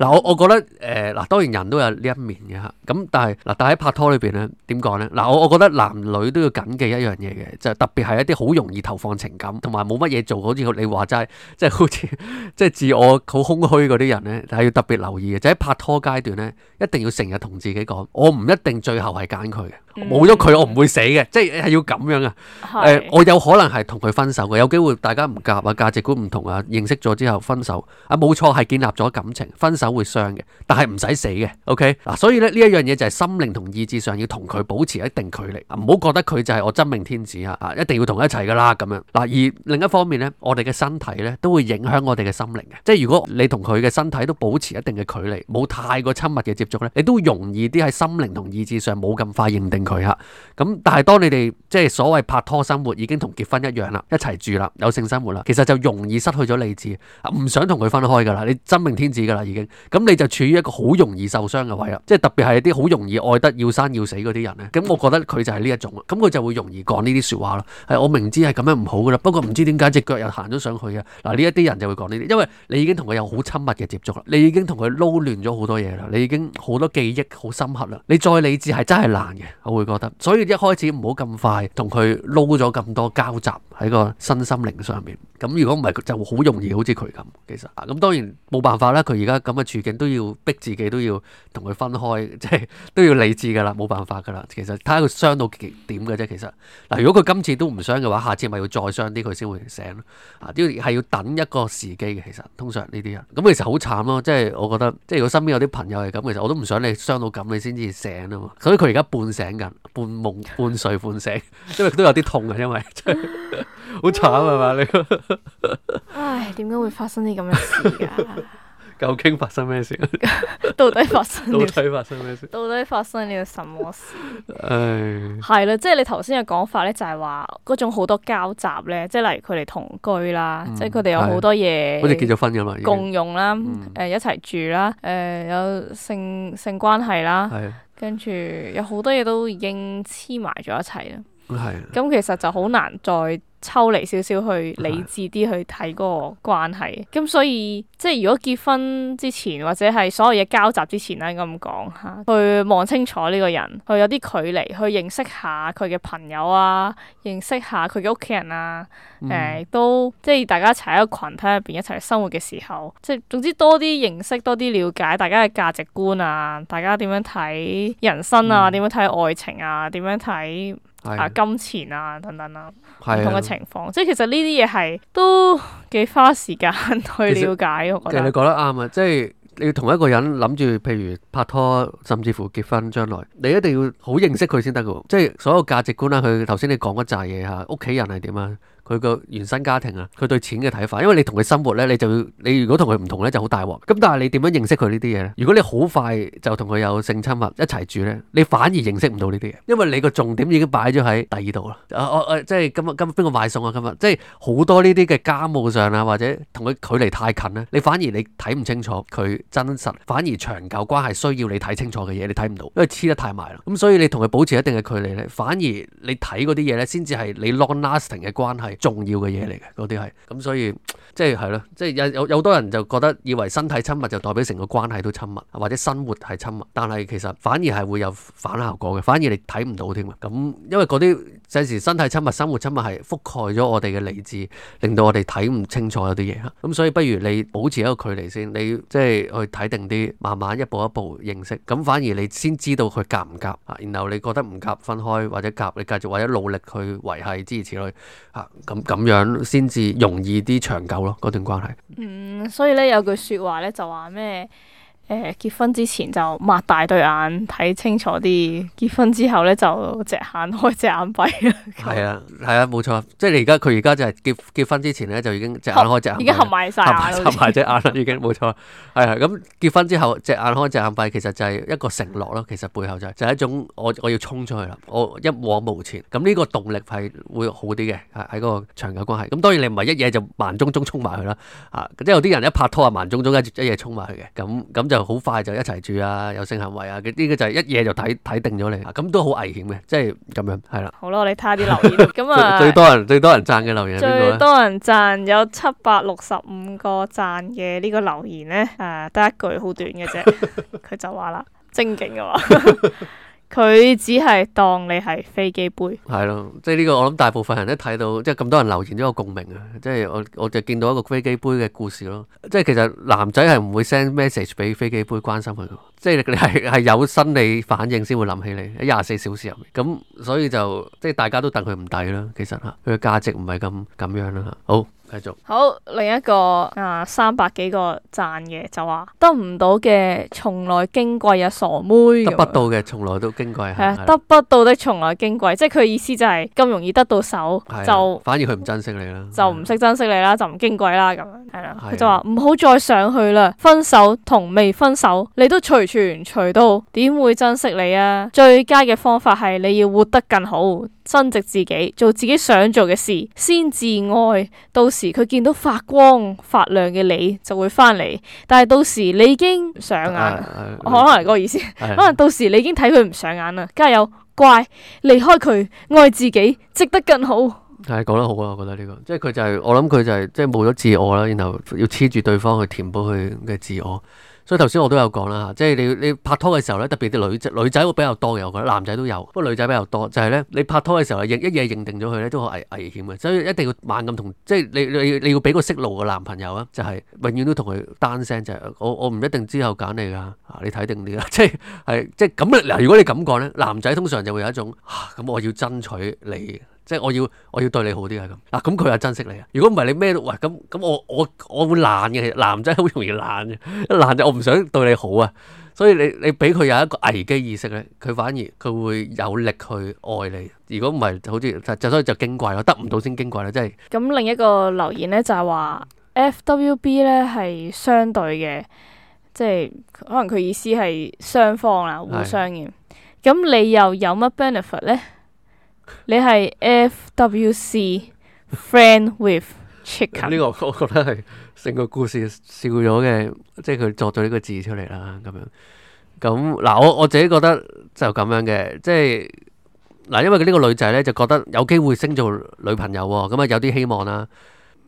嗱，我我覺得誒嗱、呃，當然人都有呢一面嘅。咁但係嗱，但係喺、啊、拍拖裏邊咧點講咧？嗱、啊，我我覺得男女都要緊記一樣嘢嘅，就特別係一啲好容易投放情感同埋冇乜嘢做，就是、好似你話齋，即係好似即係自我好空虛嗰啲人咧，係要特別留意嘅。就喺、是、拍拖階段咧，一定要成日同自己講我。唔一定最後係揀佢嘅。冇咗佢，我唔會死嘅，即係要咁樣啊是、呃！我有可能係同佢分手嘅，有機會大家唔夾啊，價值觀唔同啊，認識咗之後分手啊，冇錯係建立咗感情，分手會傷嘅，但係唔使死嘅，OK 嗱、啊，所以呢呢一樣嘢就係心靈同意志上要同佢保持一定距離啊，唔好覺得佢就係我真命天子啊，一定要同一齊噶啦咁樣嗱、啊。而另一方面呢，我哋嘅身體呢都會影響我哋嘅心靈嘅，即係如果你同佢嘅身體都保持一定嘅距離，冇太過親密嘅接觸呢，你都容易啲喺心靈同意志上冇咁快認定。佢啊，咁但係當你哋即係所謂拍拖生活已經同結婚一樣啦，一齊住啦，有性生活啦，其實就容易失去咗理智，唔想同佢分開噶啦，你真命天子噶啦已經，咁你就處於一個好容易受傷嘅位啦，即係特別係一啲好容易愛得要生要死嗰啲人咧，咁我覺得佢就係呢一種，咁佢就會容易講呢啲說話咯，係我明知係咁樣唔好噶啦，不過唔知點解隻腳又行咗上去嘅，嗱呢一啲人就會講呢啲，因為你已經同佢有好親密嘅接觸啦，你已經同佢撈亂咗好多嘢啦，你已經好多記憶好深刻啦，你再理智係真係難嘅。會覺得，所以一開始唔好咁快同佢撈咗咁多交集喺個身心靈上面。咁如果唔係就好容易，好似佢咁，其實啊，咁當然冇辦法啦。佢而家咁嘅處境都要逼自己，都要同佢分開，即係都要理智噶啦，冇辦法噶啦。其實睇下佢傷到點嘅啫。其實嗱、啊，如果佢今次都唔傷嘅話，下次咪要再傷啲佢先會醒咯。啊，呢個係要等一個時機嘅。其實通常呢啲人咁、啊，其實好慘咯。即係我覺得，即係如果身邊有啲朋友係咁，其實我都唔想你傷到咁，你先至醒啊嘛。所以佢而家半醒緊，半夢半睡半醒，因為佢都有啲痛呀，因為。就是 好慘係嘛你！唉，點解會發生啲咁嘅事啊？究竟發生咩事？到底發生？到底發生咩事？到底發生了什麼事？唉，係啦，即係你頭先嘅講法咧，就係話嗰種好多交集咧，即係例如佢哋同居啦，即係佢哋有好多嘢，好似結咗婚咁啊，共用啦，誒，一齊住啦，誒，有性性關係啦，跟住有好多嘢都已經黐埋咗一齊啦，係，咁其實就好難再。抽離少少去理智啲去睇嗰個關係，咁所以即係如果結婚之前或者係所有嘢交集之前咧，應該咁講下，去望清楚呢個人，去有啲距離，去認識下佢嘅朋友啊，認識下佢嘅屋企人啊，誒、嗯欸、都即係大家一齊喺一個羣體入邊一齊生活嘅時候，即係總之多啲認識，多啲了解大家嘅價值觀啊，大家點樣睇人生啊，點、嗯、樣睇愛情啊，點樣睇。係啊，金錢啊等等啦，啊，唔的同嘅情況，的即係其實呢啲嘢係都幾花時間去了解，實我覺得。其實你講得啱啊，嗯、即係你要同一個人諗住，譬如拍拖，甚至乎結婚，將來你一定要好認識佢先得嘅， 即係所有價值觀啦。佢頭先你講嗰扎嘢嚇，屋企人係點啊？佢個原生家庭啊，佢對錢嘅睇法，因為你同佢生活呢，你就你如果同佢唔同呢，就好大鑊。咁但係你點樣認識佢呢啲嘢呢？如果你好快就同佢有性親密一齊住呢，你反而認識唔到呢啲嘢，因為你個重點已經擺咗喺第二度啦。即係今日今日邊個買餸啊？今日即係好多呢啲嘅家務上啊，或者同佢距離太近呢，你反而你睇唔清楚佢真實，反而長久關係需要你睇清楚嘅嘢，你睇唔到，因為黐得太埋啦。咁、嗯、所以你同佢保持一定嘅距離呢，反而你睇嗰啲嘢呢，先至係你 long lasting 嘅關係。重要嘅嘢嚟嘅，嗰啲係咁，所以即係係咯，即係、就是、有有有多人就覺得以為身體親密就代表成個關係都親密，或者生活係親密，但係其實反而係會有反效果嘅，反而你睇唔到添啊！咁、嗯、因為嗰啲陣時身體親密、生活親密係覆蓋咗我哋嘅理智，令到我哋睇唔清楚有啲嘢啦。咁、嗯、所以不如你保持一個距離先，你即係去睇定啲，慢慢一步一步認識，咁、嗯、反而你先知道佢夾唔夾啊！然後你覺得唔夾分開，或者夾你繼續或者努力去維繫，諸如此類啊。嗯咁咁樣先至容易啲長久咯，嗰段關係。嗯，所以咧有句説話咧就話咩？誒結婚之前就擘大對眼睇清楚啲，結婚之後咧就隻眼開隻眼閉啦。係啊，係啊，冇錯，即係你而家佢而家就係結結婚之前咧就已經隻眼開隻眼閉，已經合埋曬合合埋隻眼啦，已經冇錯。係啊，咁結婚之後隻眼開隻眼閉，其實就係一個承諾咯。其實背後就係就係一種我我要衝出去啦，我一往無前。咁呢個動力係會好啲嘅，喺嗰個長久關係。咁當然你唔係一夜就盲中中衝埋去啦，啊，即係有啲人一拍拖啊盲中中一一夜衝埋去嘅，咁咁就。好快就一齊住啊，有性行為啊，呢個就一夜就睇睇定咗你，咁都好危險嘅，即係咁樣，係啦。好啦，我哋睇下啲留言，咁啊， 最多人最多人讚嘅留言係邊個啊？最多人讚有七百六十五個讚嘅呢個留言咧，啊、呃、得一句好短嘅啫，佢就話啦， 正經嘅話。 佢只係當你係飛機杯，係咯，即係呢個我諗大部分人都睇到，即係咁多人留言都有共鳴啊！即係我我就見到一個飛機杯嘅故事咯，即係其實男仔係唔會 send message 俾飛機杯關心佢，即係你係係有心理反應先會諗起你，喺廿四小時入面，咁所以就即係大家都戥佢唔抵啦，其實嚇佢嘅價值唔係咁咁樣啦嚇，好。好，另一個啊，三百幾個讚嘅就話，得唔到嘅從來矜貴啊，傻妹，得不到嘅從來都矜貴。係啊，得不到的從來矜貴，即係佢意思就係、是、咁容易得到手就、啊、反而佢唔珍惜你啦，就唔識珍惜你啦、啊，就唔矜貴啦，咁樣係啦。佢、啊啊、就話唔好再上去啦，分手同未分手你都隨傳隨到，點會珍惜你啊？最佳嘅方法係你要活得更好。增值自己，做自己想做嘅事，先至愛。到時佢見到發光發亮嘅你，就會翻嚟。但係到時你已經上眼，啊啊、可能係個意思。啊、可能到時你已經睇佢唔上眼啦。啊、加油，乖，離開佢，愛自己，值得更好。但係講得好啊，我覺得呢、這個，即係佢就係、是，我諗佢就係、是，即係冇咗自我啦，然後要黐住對方去填補佢嘅自我。所以頭先我都有講啦，即係你你拍拖嘅時候呢，特別啲女仔女仔會比較多嘅，我覺得男仔都有，不過女仔比較多，就係呢：你拍拖嘅時候一嘢認定咗佢呢，都好危危險嘅，所以一定要慢咁同，即係你你要俾個識路嘅男朋友啊，就係、是、永遠都同佢單聲，就係、是、我我唔一定之後揀你噶，你睇定啲啦，即係係即係咁嗱，如果你咁講呢，男仔通常就會有一種啊，咁我要爭取你。即係我要我要對你好啲啊，咁嗱，咁佢又珍惜你啊。如果唔係你咩都喂，咁咁我我我會懶嘅，男仔好容易懶嘅，一懶就我唔想對你好啊，所以你你俾佢有一個危機意識咧，佢反而佢會有力去愛你，如果唔係就好似就，所以就矜貴咯，我得唔到先矜貴咯，即係咁。另一個留言咧就係話 FWB 咧係相對嘅，即係可能佢意思係雙方啦，互相嘅，咁是你又有乜 benefit 咧？你係 F.W.C. Friend with Chicken？呢 個我覺得係成個故事笑咗嘅，即係佢作咗呢個字出嚟啦，咁樣咁嗱，我我自己覺得就咁樣嘅，即係嗱，因為佢呢個女仔呢，就覺得有機會升做女朋友喎，咁、嗯、啊有啲希望啦。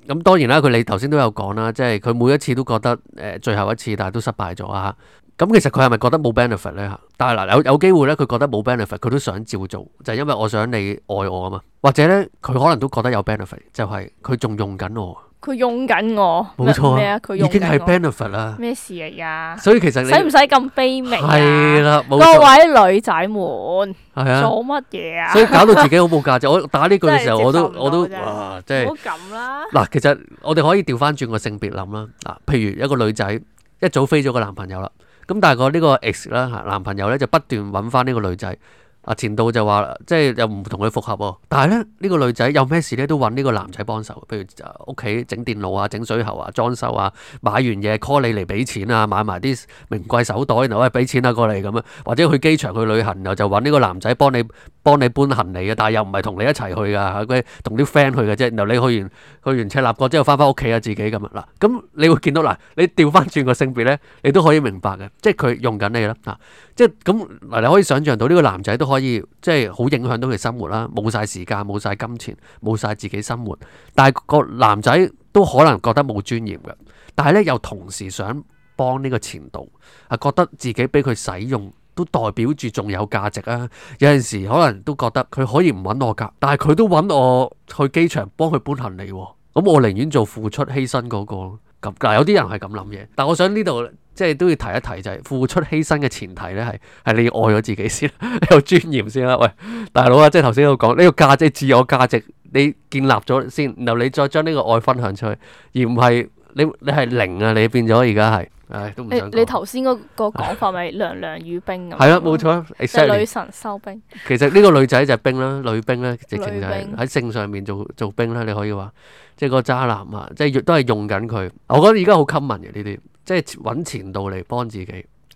咁、嗯、當然啦，佢你頭先都有講啦，即係佢每一次都覺得誒、呃、最後一次，但係都失敗咗啊。咁其實佢係咪覺得冇 benefit 咧吓？但係嗱，有有機會咧，佢覺得冇 benefit，佢都想照做，就係因為我想你愛我啊嘛。或者咧，佢可能都覺得有 benefit，就係佢仲用緊我。佢用緊我。冇錯啊。咩啊？已經係 benefit 啦。咩事啊？而家。所以其實你使唔使咁卑微？係啦。啊、各位女仔們。係啊。做乜嘢啊？所以搞到自己好冇價值。我打呢句嘅時候，我都我都哇，即係。唔好咁啦。嗱，其實我哋可以調翻轉個性別諗啦。嗱，譬如一個女仔一早飛咗個男朋友啦。咁但係個呢個 X 啦，吓男朋友呢就不斷揾翻呢個女仔。啊，前度就話即係又唔同佢復合喎，但係呢，呢、呢個女仔有咩事呢？都揾呢個男仔幫手，譬如屋企整電腦啊、整水喉啊、裝修啊、買完嘢 call 你嚟俾錢啊、買埋啲名貴手袋，然後喂俾錢啦過嚟咁啊，或者去機場去旅行又就揾呢個男仔幫你。幫你搬行李嘅，但係又唔係同你一齊去噶嚇，佢同啲 friend 去嘅啫。然後你去完去完赤鱲角之後，翻翻屋企啊，自己咁啊。嗱，咁你會見到嗱，你調翻轉個性別咧，你都可以明白嘅，即係佢用緊你啦。啊，即係咁嗱，你可以想象到呢個男仔都可以，即係好影響到佢生活啦，冇晒時間，冇晒金錢，冇晒自己生活。但係個男仔都可能覺得冇尊嚴嘅，但係咧又同時想幫呢個前度，啊，覺得自己俾佢使用。都代表住仲有價值啊！有陣時可能都覺得佢可以唔揾我㗎，但係佢都揾我去機場幫佢搬行李喎、啊。咁我寧願做付出犧牲嗰個咯、啊。咁、啊、有啲人係咁諗嘢，但我想呢度即係都要提一提就係付出犧牲嘅前提呢係係你要愛咗自己先， 你有尊嚴先啦。喂，大佬啊，即係頭先我喺度講呢個價值、自我價值，你建立咗先，然後你再將呢個愛分享出去，而唔係你你係零啊，你變咗而家係。唉，都唔想講。你你頭先嗰個講法咪娘 娘與兵咁。係啊，冇錯啊。Exactly. 女神收兵。其實呢個女仔就係兵啦，女兵啦，直情就係喺性上面做做兵啦。你可以話，即係個渣男啊，即係亦都係用緊佢。我覺得而家好 common 嘅，呢啲即係揾前度嚟，幫自己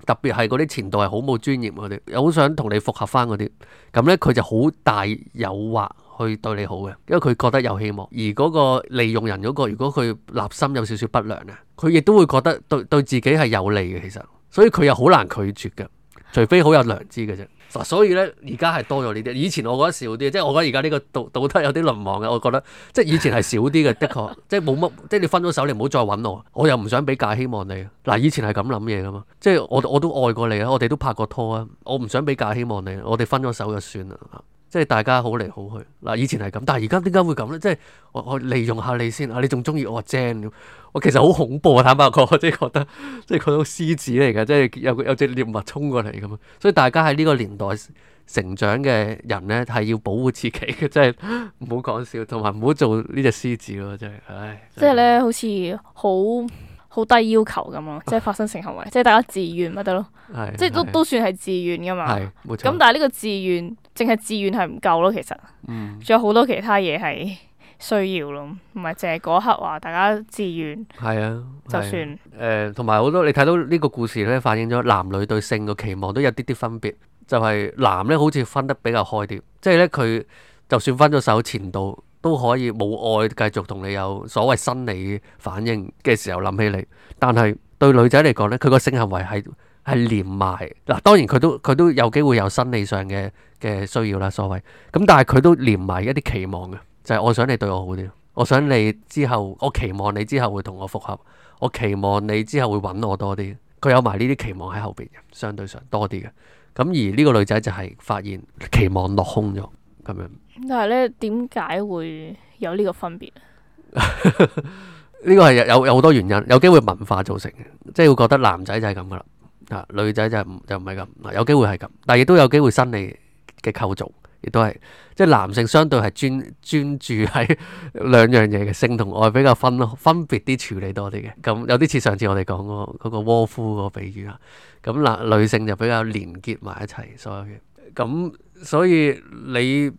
特別係嗰啲前度係好冇專業嗰啲，又好想同你復合翻嗰啲。咁咧佢就好大誘惑去對你好嘅，因為佢覺得有希望。而嗰個利用人嗰個，如果佢立心有少少不良啊。佢亦都會覺得對對自己係有利嘅，其實，所以佢又好難拒絕嘅，除非好有良知嘅啫。所以咧，而家係多咗呢啲，以前我覺得少啲，即係我覺得而家呢個道道德有啲淪亡嘅。我覺得即係以前係少啲嘅， 的確，即係冇乜，即係你分咗手，你唔好再揾我，我又唔想俾假希望你，嗱，以前係咁諗嘢㗎嘛，即係我我都愛過你啊，我哋都拍過拖啊，我唔想俾假希望你，我哋分咗手就算啦。即係大家好嚟好去嗱，以前係咁，但係而家點解會咁咧？即係我我利用下你先啊！你仲中意我啊？我好驚呀，我其實好恐怖啊！坦白講，我真係覺得即係嗰種獅子嚟嘅，即係有有隻獵物衝過嚟咁啊！所以大家喺呢個年代成長嘅人咧，係要保護自己嘅，真係唔好講笑，同埋唔好做呢隻獅子咯，真係。即係咧，嗯、好似好好低要求咁啊！即係發生性行為，即係大家自願咪得咯？是即係都都算係自願噶嘛。咁但係呢個自願。淨係自願係唔夠咯，其實，仲有好多其他嘢係需要咯，唔係淨係嗰刻話大家自願係啊，啊就算誒，同埋好多你睇到呢個故事咧，反映咗男女對性嘅期望都有啲啲分別。就係男咧，好似分得比較開啲，即係咧，佢就算分咗手前度都可以冇愛，繼續同你有所謂生理反應嘅時候諗起你。但係對女仔嚟講咧，佢個性行為係係連埋嗱，當然佢都佢都有機會有生理上嘅。嘅需要啦，所謂咁，但係佢都連埋一啲期望嘅，就係、是、我想你對我好啲，我想你之後，我期望你之後會同我復合，我期望你之後會揾我多啲。佢有埋呢啲期望喺後邊嘅，相對上多啲嘅。咁而呢個女仔就係發現期望落空咗，咁樣。但係呢，點解會有呢個分別？呢 個係有有好多原因，有機會文化造成嘅，即係會覺得男仔就係咁噶啦，啊女仔就唔、是、就唔係咁，有機會係咁，但係亦都有機會生理。嘅構造，亦都係即係男性相對係專專注喺 兩樣嘢嘅，性同愛比較分咯，分別啲處理多啲嘅。咁有啲似上次我哋講嗰個窩夫個比喻啊。咁嗱，女性就比較連結埋一齊所有嘢。咁所以你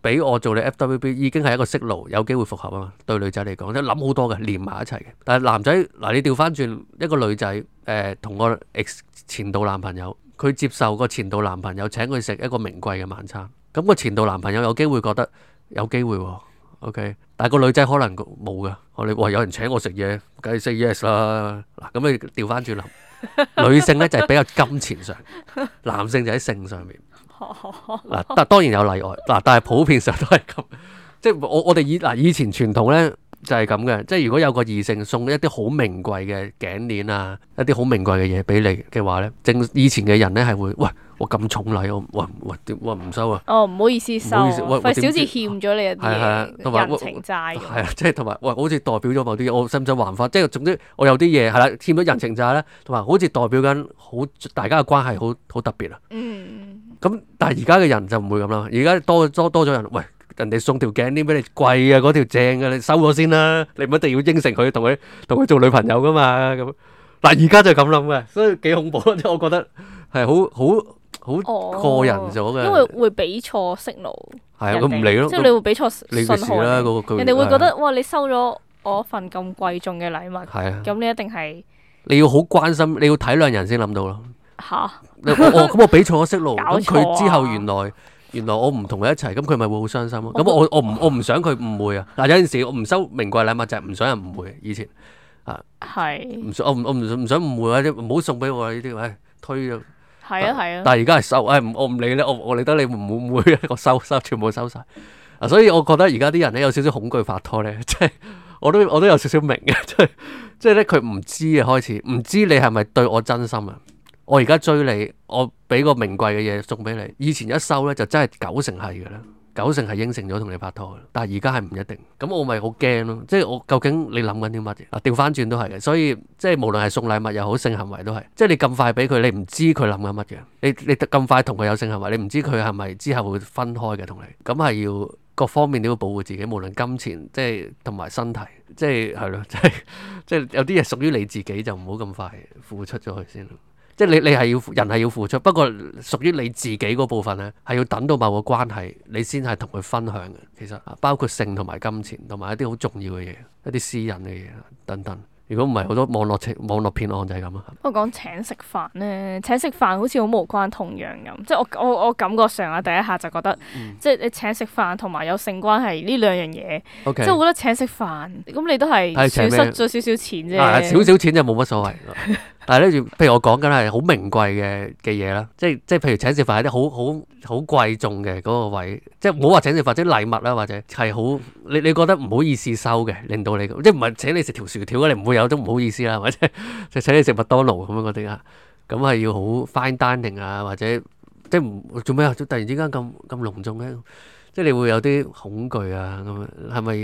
俾我做你 F W B 已經係一個色路，有機會復合啊嘛。對女仔嚟講，即係諗好多嘅，連埋一齊嘅。但係男仔嗱，你調翻轉一個女仔，誒同個 ex 前度男朋友。佢接受個前度男朋友請佢食一個名貴嘅晚餐，咁個前度男朋友有機會覺得有機會喎，OK？但係個女仔可能冇㗎，我哋話有人請我食嘢梗係 say yes 啦。嗱，咁你調翻轉諗，女性咧就係比較金錢上，男性就喺性上面。嗱，但當然有例外，嗱，但係普遍上都係咁，即係我我哋以嗱以前傳統咧。就係咁嘅，即係如果有個異性送一啲好名貴嘅頸鏈啊，一啲好名貴嘅嘢俾你嘅話咧，正以前嘅人咧係會，喂，我咁重禮，我喂喂點，我唔收啊！哦，唔好意思，唔好意思，收，好意少啲欠咗你嘅嘢，人情債。係啊，即係同埋喂，好似代表咗某啲我使唔使還法，即係總之，我有啲嘢係啦，欠咗人情債咧，同埋好似代表緊好大家嘅關係好好特別啊。咁但係而家嘅人就唔會咁啦，而家多多多咗人，喂。人哋送條頸鏈俾你貴啊，嗰條正啊，你收咗先啦，你唔一定要應承佢，同佢同佢做女朋友噶嘛咁。嗱，而家就係咁諗嘅，所以幾恐怖，即係我覺得係好好好個人所嘅。因為會俾錯 signal，係啊，佢唔理咯。即係你會俾錯訊號啦，嗰個佢。人哋會覺得哇，你收咗我份咁貴重嘅禮物，係啊，咁你一定係你要好關心，你要體諒人先諗到咯。吓，我我咁我俾錯咗 signal，咁佢之後原來。原來我唔同佢一齊，咁佢咪會好傷心咯？咁、哦、我我唔我唔想佢誤會啊！嗱，有陣時我唔收名貴禮物就係、是、唔想人誤會。以前啊，係唔是想誤我唔我唔想誤會啊！啲唔好送俾我啊！呢啲唉，推咗係啊係啊！啊但係而家係收唉，我唔理咧，我我理得你唔會唔會啊？我收收全部收晒。所以我覺得而家啲人咧有少少恐懼拍拖咧，即 係我都我都有少少明嘅，即係即係咧佢唔知啊，開始唔知，知你係咪對我真心啊？我而家追你，我俾個名貴嘅嘢送俾你。以前一收呢，就真係九成係嘅啦，九成係應承咗同你拍拖。但係而家係唔一定，咁我咪好驚咯。即係我究竟你諗緊啲乜嘢？啊，調返轉都係嘅。所以即係無論係送禮物又好，性行為都係。即係你咁快俾佢，你唔知佢諗緊乜嘢。你你咁快同佢有性行為，你唔知佢係咪之後會分開嘅同你。咁係要各方面都要保護自己，無論金錢即係同埋身體，即係係咯，即係即係有啲嘢屬於你自己就唔好咁快付出咗佢先。即係你，你係要人係要付出，不過屬於你自己嗰部分咧，係要等到某個關係，你先係同佢分享嘅。其實包括性同埋金錢同埋一啲好重要嘅嘢，一啲私隱嘅嘢等等。如果唔係好多網絡情網絡騙案就係咁啊。我講請食飯咧，請食飯好似好無關痛癢咁。即係我我我感覺上啊，第一下就覺得，嗯、即係你請食飯同埋有性關係呢兩樣嘢。Okay，即係我覺得請食飯，咁你都係損失咗少少錢啫、啊。少少錢就冇乜所謂。 但係咧，譬如我講緊係好名貴嘅嘅嘢啦，即係即係譬如請食飯喺啲好好好貴重嘅嗰個位，即係唔好話請食飯，即係禮物啦，或者係好你你覺得唔好意思收嘅，令到你即係唔係請你食條薯條你唔會有種唔好意思啦，或者就請你食麥當勞咁樣嗰啲啊，咁係要好 fine dining 啊，或者即係唔做咩啊？突然之間咁咁隆重咧，即係你會有啲恐懼啊？咁樣係咪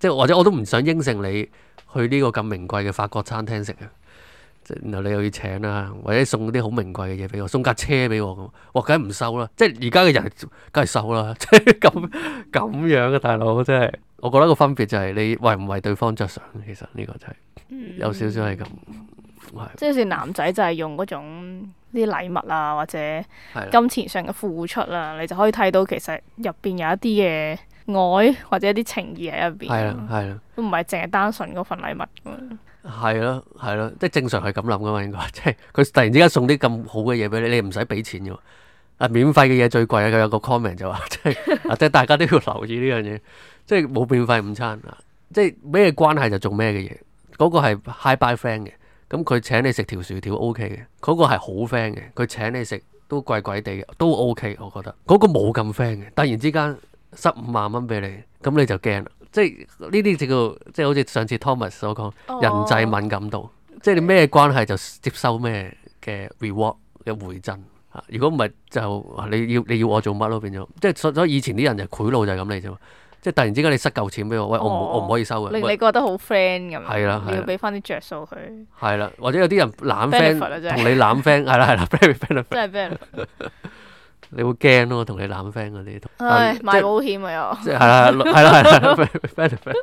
即係或者我都唔想應承你去呢個咁名貴嘅法國餐廳食啊？然後你又要請啦，啊，或者送啲好名貴嘅嘢俾我，送架車俾我咁，哇梗唔收啦。即係而家嘅人，梗係收啦。即係咁咁樣嘅大佬，即係。我覺得個分別就係你為唔為對方着想。其實呢個就係，是，有少少係咁。係，嗯，即係，算男仔就係用嗰種啲禮物啊，或者金錢上嘅付出啊，的你就可以睇到其實入邊有一啲嘅愛或者一啲情義喺入邊。係啦，係啦，都唔係淨係單純嗰份禮物啊。係咯，係咯，即係正常係咁諗噶嘛，應該，即係佢突然之間送啲咁好嘅嘢俾你，你唔使俾錢嘅，啊，免費嘅嘢最貴啊，佢有個 comment 就話，即係即係大家都要留意呢樣嘢，即係冇免費午餐啊，即係咩關係就做咩嘅嘢，嗰個係 high by friend 嘅，咁佢請你食條薯條 OK 嘅，嗰個係好 friend 嘅，佢請你食都貴貴地嘅，都 OK，我覺得，嗰個冇咁 friend 嘅，突然之間塞五萬蚊俾你，咁你就驚啦。即係呢啲就叫即係好似上次 Thomas 所講人際敏感度，即係你咩關係就接收咩嘅 reward 嘅回贈啊！如果唔係就你要你要我做乜咯變咗？即係所以以前啲人就賄賂就係咁嚟啫嘛！即係突然之間你塞夠錢俾我，餵我唔我唔可以收嘅。哦、喂你覺得好 friend 咁樣，你要俾翻啲着數佢。係啦，或者有啲人懶 friend 同你懶 friend 係啦係啦，真係俾人，你會驚咯，同你攬 friend 嗰啲，買保險啊又，即係啦，係啦，係啦 friend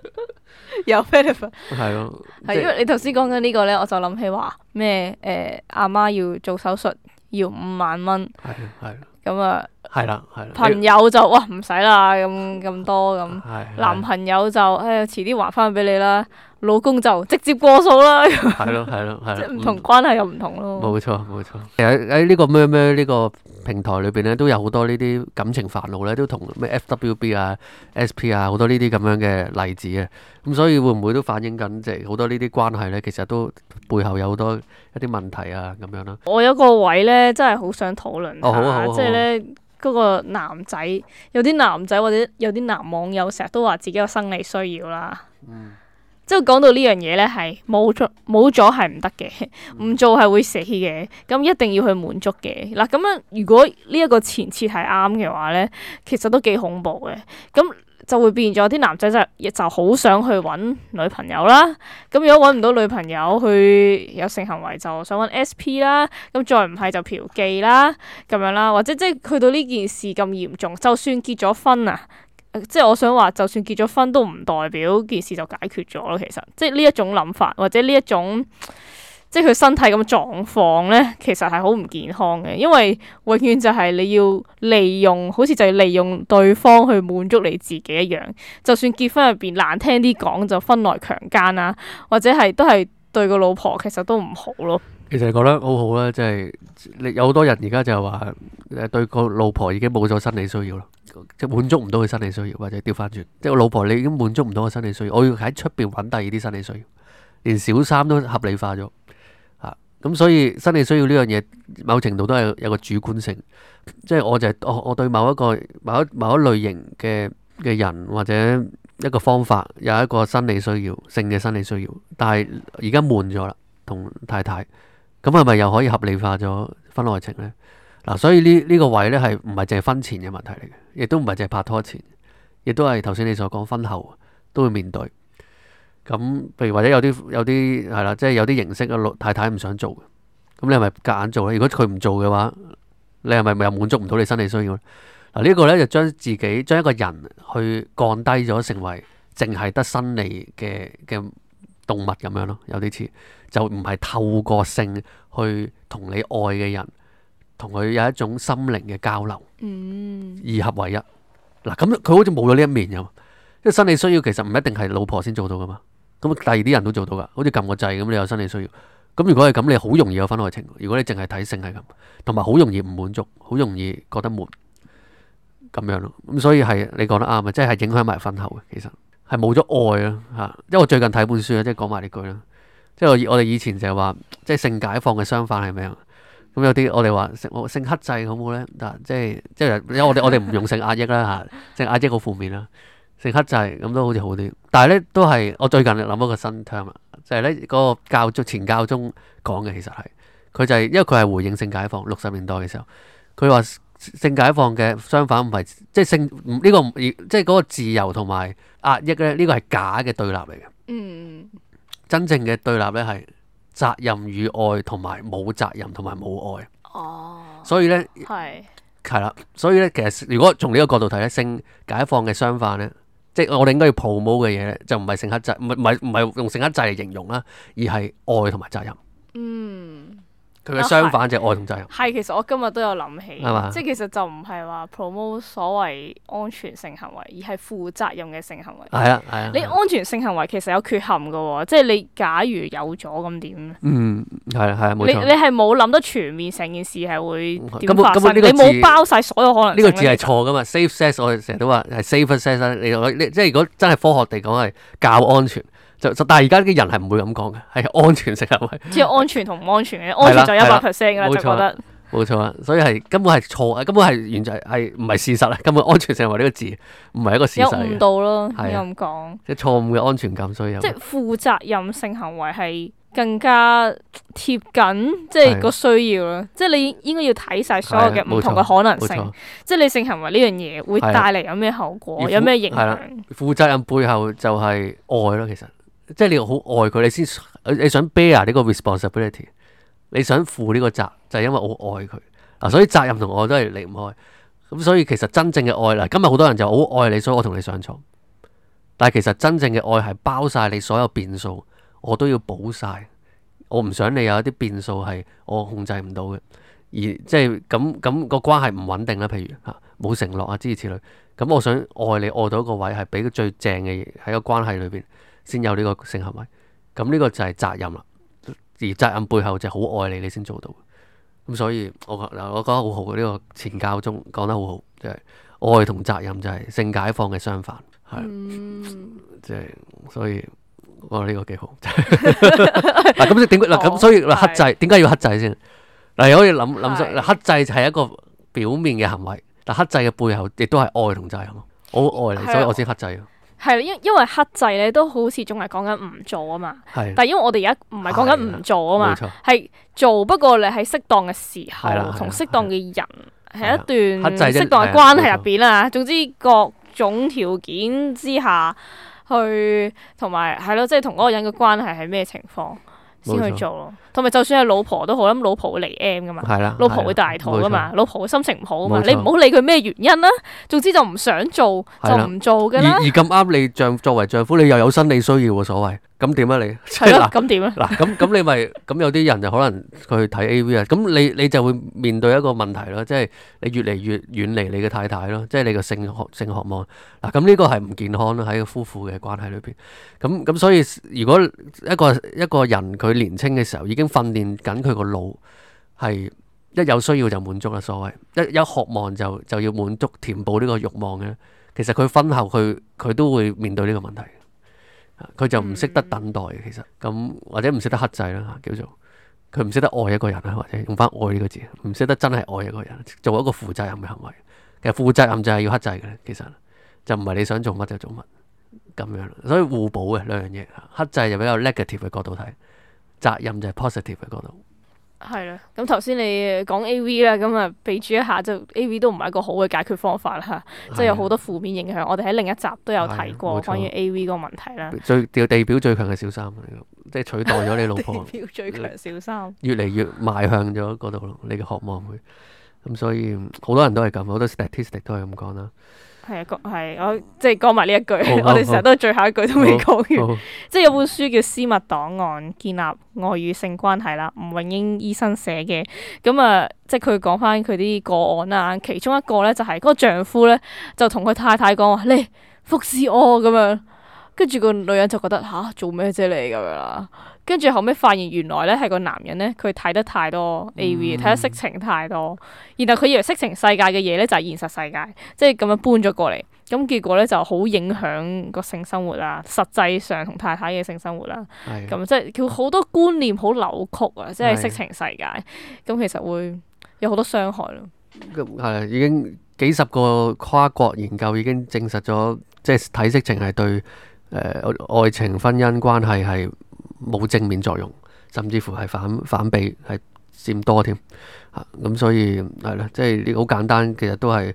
有 friend 係咯，係因為你頭先講緊呢個咧，我就諗起話咩誒阿媽要做手術要五萬蚊，係啊，係啊，咁啊，係啦，係啦，朋友就哇唔使啦咁咁多咁，男朋友就誒遲啲還翻俾你啦。老公就直接過數啦， 係咯係咯係即係唔同關係又唔同咯。冇錯冇錯，喺喺呢個咩咩呢個平台裏邊咧，都有好多呢啲感情煩惱咧，都同咩 F W B 啊、S P 啊好多呢啲咁樣嘅例子啊。咁所以會唔會都反映緊即係好多呢啲關係咧？其實都背後有好多一啲問題啊咁樣啦。我有一個位咧，真係好想討論下，哦、即係咧，嗰個男仔有啲男仔或者有啲男網友成日都話自己有生理需要啦。嗯。即係講到呢樣嘢咧，係冇咗冇咗係唔得嘅，唔做係會死嘅，咁一定要去滿足嘅。嗱，咁樣如果呢一個前設係啱嘅話咧，其實都幾恐怖嘅，咁就會變咗啲男仔就就好想去揾女朋友啦。咁如果揾唔到女朋友，佢有性行為就想揾 SP 啦，咁再唔係就嫖妓啦，咁樣啦，或者即係去到呢件事咁嚴重，就算結咗婚啊。即係我想話，就算結咗婚都唔代表件事就解決咗咯。其實，即係呢一種諗法，或者呢一種，即係佢身體咁狀況咧，其實係好唔健康嘅。因為永遠就係你要利用，好似就係利用對方去滿足你自己一樣。就算結婚入面難聽啲講，就婚內強奸啊，或者係都係對個老婆其實都唔好咯。其實覺得好好啦，即係你有好多人而家就係話，誒，對個老婆已經冇咗生理需要咯，即係滿足唔到佢生理需要，或者調翻轉，即係個老婆你已經滿足唔到個生理需要，我要喺出邊揾第二啲生理需要，連小三都合理化咗啊！咁、嗯、所以生理需要呢樣嘢，某程度都係有個主觀性，即係我就係、我我對某一個某一某一類型嘅嘅人或者一個方法有一個生理需要，性嘅生理需要，但係而家悶咗啦，同太太。咁係咪又可以合理化咗婚外情呢？嗱、啊，所以呢、呢、呢個位呢，係唔係淨係婚前嘅問題嚟嘅，亦都唔係淨係拍拖前，亦都係頭先你所講，婚後都會面對。咁譬如或者有啲有啲係啦，即係有啲形式嘅老太太唔想做，咁你係咪夾硬做咧？如果佢唔做嘅話，你係咪咪又滿足唔到你生理需要咧？嗱、啊，呢、呢個呢，就將自己將一個人去降低咗，成為淨係得生理嘅嘅動物咁樣咯，有啲似。就唔係透過性去同你愛嘅人，同佢有一種心靈嘅交流，二合為一。嗱，咁佢好似冇咗呢一面咁，即係生理需要其實唔一定係老婆先做到噶嘛。咁第二啲人都做到噶，好似撳個掣咁，你有生理需要。咁如果係咁，你好容易有婚外情。如果你淨係睇性係咁，同埋好容易唔滿足，好容易覺得悶，咁樣咯。咁所以係你講得啱啊，即係影響埋婚後嘅，其實係冇咗愛咯吓。因為我最近睇本書咧，即係講埋呢句啦。即係我哋以前就係話，即係性解放嘅相反係咩啊？咁有啲我哋話性性克制好唔好咧？但即係即係，因為我哋我哋唔用性壓抑啦吓， 性壓抑好負面啦，性克制咁都好似好啲。但係咧都係我最近諗一個新 term 啊，就係咧個教宗前教宗講嘅，其實係佢就係、係、因為佢係回應性解放六十年代嘅時候，佢話性解放嘅相反唔係即係性呢、呢個、呢個、即係嗰個自由同埋壓抑咧，呢、呢個係假嘅對立嚟嘅。嗯。真正嘅對立咧係責任與愛同埋冇責任同埋冇愛。哦，所以的，所以咧係係啦，所以咧其實如果從呢個角度睇咧，性解放嘅相反，咧，即係我哋應該要 promote 嘅嘢咧，就唔係性克制，唔係唔係用性克制嚟形容啦，而係愛同埋責任。嗯。佢嘅相反就係愛同責任。係，其實我今日都有諗起，即係吧其實就唔係話 promote 所謂安全性行為，而係負責任嘅性行為。係啊，係啊。你安全性行為其實有缺陷嘅，即係你假如有咗咁點？嗯，係係啊，你你係冇諗得全面，成件事係會根本根本冇包晒所有可能。呢個字係錯噶嘛？Safe sex 我哋成日都話係 safe sex，你即係如果真係科學地講係較安全。就但係而家啲人係唔會咁講嘅，係安全性行為，只係安全同唔安全嘅，安全就一百 percent 啦，就覺得冇錯啊，所以係根本係錯啊，根本係原則係唔係事實啊，根本安全性行為呢個字唔係一個事實，有誤導咯，咁講即係錯誤嘅安全感，所以即係負責任性行為係更加貼緊即係個需要咯，即係你應該要睇晒所有嘅唔同嘅可能性，即係你性行為呢樣嘢會帶嚟有咩後果，有咩影響？負責任背後就係愛咯，其實。即係你好愛佢，你先你想 bear 呢個 responsibility，你想負呢個責，就係、是、因為我好愛佢嗱，所以責任同愛都係離唔開咁。所以其實真正嘅愛嗱，今日好多人就好愛你，所以我同你上床，但係其實真正嘅愛係包晒你所有變數，我都要補晒。我唔想你有一啲變數係我控制唔到嘅，而即係咁咁個關係唔穩定啦。譬如吓冇承諾啊，諸如此類咁，我想愛你愛到一個位，係俾最正嘅嘢喺個關係裏邊。先有呢個性行為，咁呢個就係責任啦。而責任背後就係好愛你，你先做到。咁所以我，我嗱我覺得好好嘅呢個前教宗講得好好，就係、是、愛同責任就係性解放嘅相反，係。即係所以，我覺得呢個幾好。嗱咁即係點？嗱咁所以，嗱克制，點解要克制先？嗱、啊，可以諗諗實，克制係一個表面嘅行為，但克制嘅背後亦都係愛同責任。我好愛你，所以我先克制。係，因因為克制咧都好似仲係講緊唔做啊嘛，的但係因為我哋而家唔係講緊唔做啊嘛，係做，不過你喺適當嘅時候，同適的當嘅人，係的一段適當嘅關係入邊啦。就是、總之各種條件之下去，同埋係咯，即係同嗰個人嘅關係係咩情況？先去做咯，同埋錯就算係老婆都好，咁老婆會嚟 M 噶嘛，老婆會大肚噶嘛，老婆心情唔好噶嘛，錯你唔好理佢咩原因啦，啊，總之就唔想做錯就唔做噶啦。而而咁啱你丈作為丈夫，你又有生理需要喎，啊，所謂。咁點啊？你咁點啊？嗱咁咁你咪咁有啲人就可能佢睇 AV 啊，咁你你就會面對一個問題咯，即係你越嚟越遠離你嘅太太咯，即係你嘅性渴性渴望，嗱，咁呢個係唔健康咯，喺個夫婦嘅關係裏邊，咁咁所以如果一個一個人佢年輕嘅時候已經訓練緊佢個腦係一有需要就滿足啦，所謂一一渴望就就要滿足填補呢個慾望嘅，其實佢婚後佢佢都會面對呢個問題。佢就唔識得等待嘅，其實咁或者唔識得克制啦，叫做佢唔識得愛一個人啊，或者用翻愛呢個字，唔識得真係愛一個人，做一個負責任嘅行為。其實負責任就係要克制嘅，其實就唔係你想做乜就做乜咁樣，所以互補嘅兩樣嘢，克制就比較 negative 嘅角度睇，責任就係 positive 嘅角度。係啦，咁頭先你講 A.V. 啦，咁啊備註一下，就 A.V. 都唔係一個好嘅解決方法啦，的即係有好多負面影響。我哋喺另一集都有提過關於 A.V. 嗰個問題啦。最地表最強嘅小三，即係取代咗你老婆。 地表最強小三。越嚟越邁向咗嗰度咯，你嘅渴望會，咁所以好多人都係咁，好多 statistic 都係咁講啦。係啊，係我即係講埋呢一句，oh, oh, oh. 我哋成日都係最後一句都未講完，oh, oh. 即係有本書叫《私密檔案：建立外遇性關係》啦，吳永英醫生寫嘅，咁、嗯、啊，即係佢講翻佢啲個案啦，其中一個咧就係嗰個丈夫咧就同佢太太講話，你服侍我咁樣。跟住個女人就覺得，吓，做咩啫你咁樣，跟住後尾發現原來咧係個男人咧，佢睇得太多 AV，嗯，睇得色情太多，然後佢以為色情世界嘅嘢咧就係現實世界，即係咁樣搬咗過嚟，咁結果咧就好影響個性生活啦，實際上同太太嘅性生活啦，咁的即係佢好多觀念好扭曲啊，的即係色情世界，咁其實會有好多傷害咯。咁係已經幾十個跨國研究已經證實咗，即係睇色情係對。誒、呃、愛情婚姻關係係冇正面作用，甚至乎係反反比係佔多添嚇，咁、啊嗯、所以係咯，即係呢好簡單，其實都係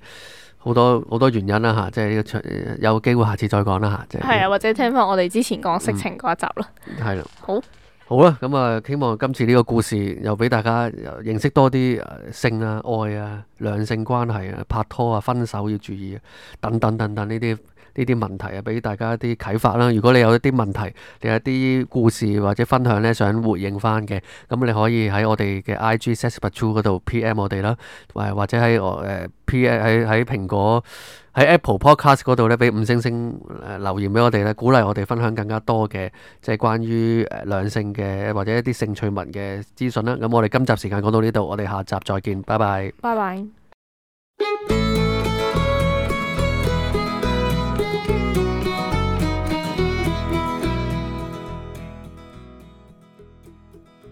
好多好多原因啦嚇、啊，即係呢、這個、呃、有機會下次再講啦嚇，即係係啊，或者聽翻我哋之前講色情嗰一集咯，係啦、嗯，好，好啦，咁、嗯、啊，希望今次呢個故事又俾大家認識多啲性啊、愛啊、兩性關係啊、拍拖啊、分手要注意啊，等等等等呢啲。呢啲問題啊，俾大家一啲啟發啦。如果你有一啲問題，定有啲故事或者分享呢，想回應翻嘅，咁你可以喺我哋嘅 I G Sex Patrol 度 P M 我哋啦，或者喺我誒 P 喺喺蘋果喺 Apple Podcast 度呢，俾五星星留言俾我哋咧，鼓勵我哋分享更加多嘅即係關於誒兩性嘅或者一啲性趣聞嘅資訊啦。咁我哋今集時間講到呢度，我哋下集再見，拜拜，拜拜。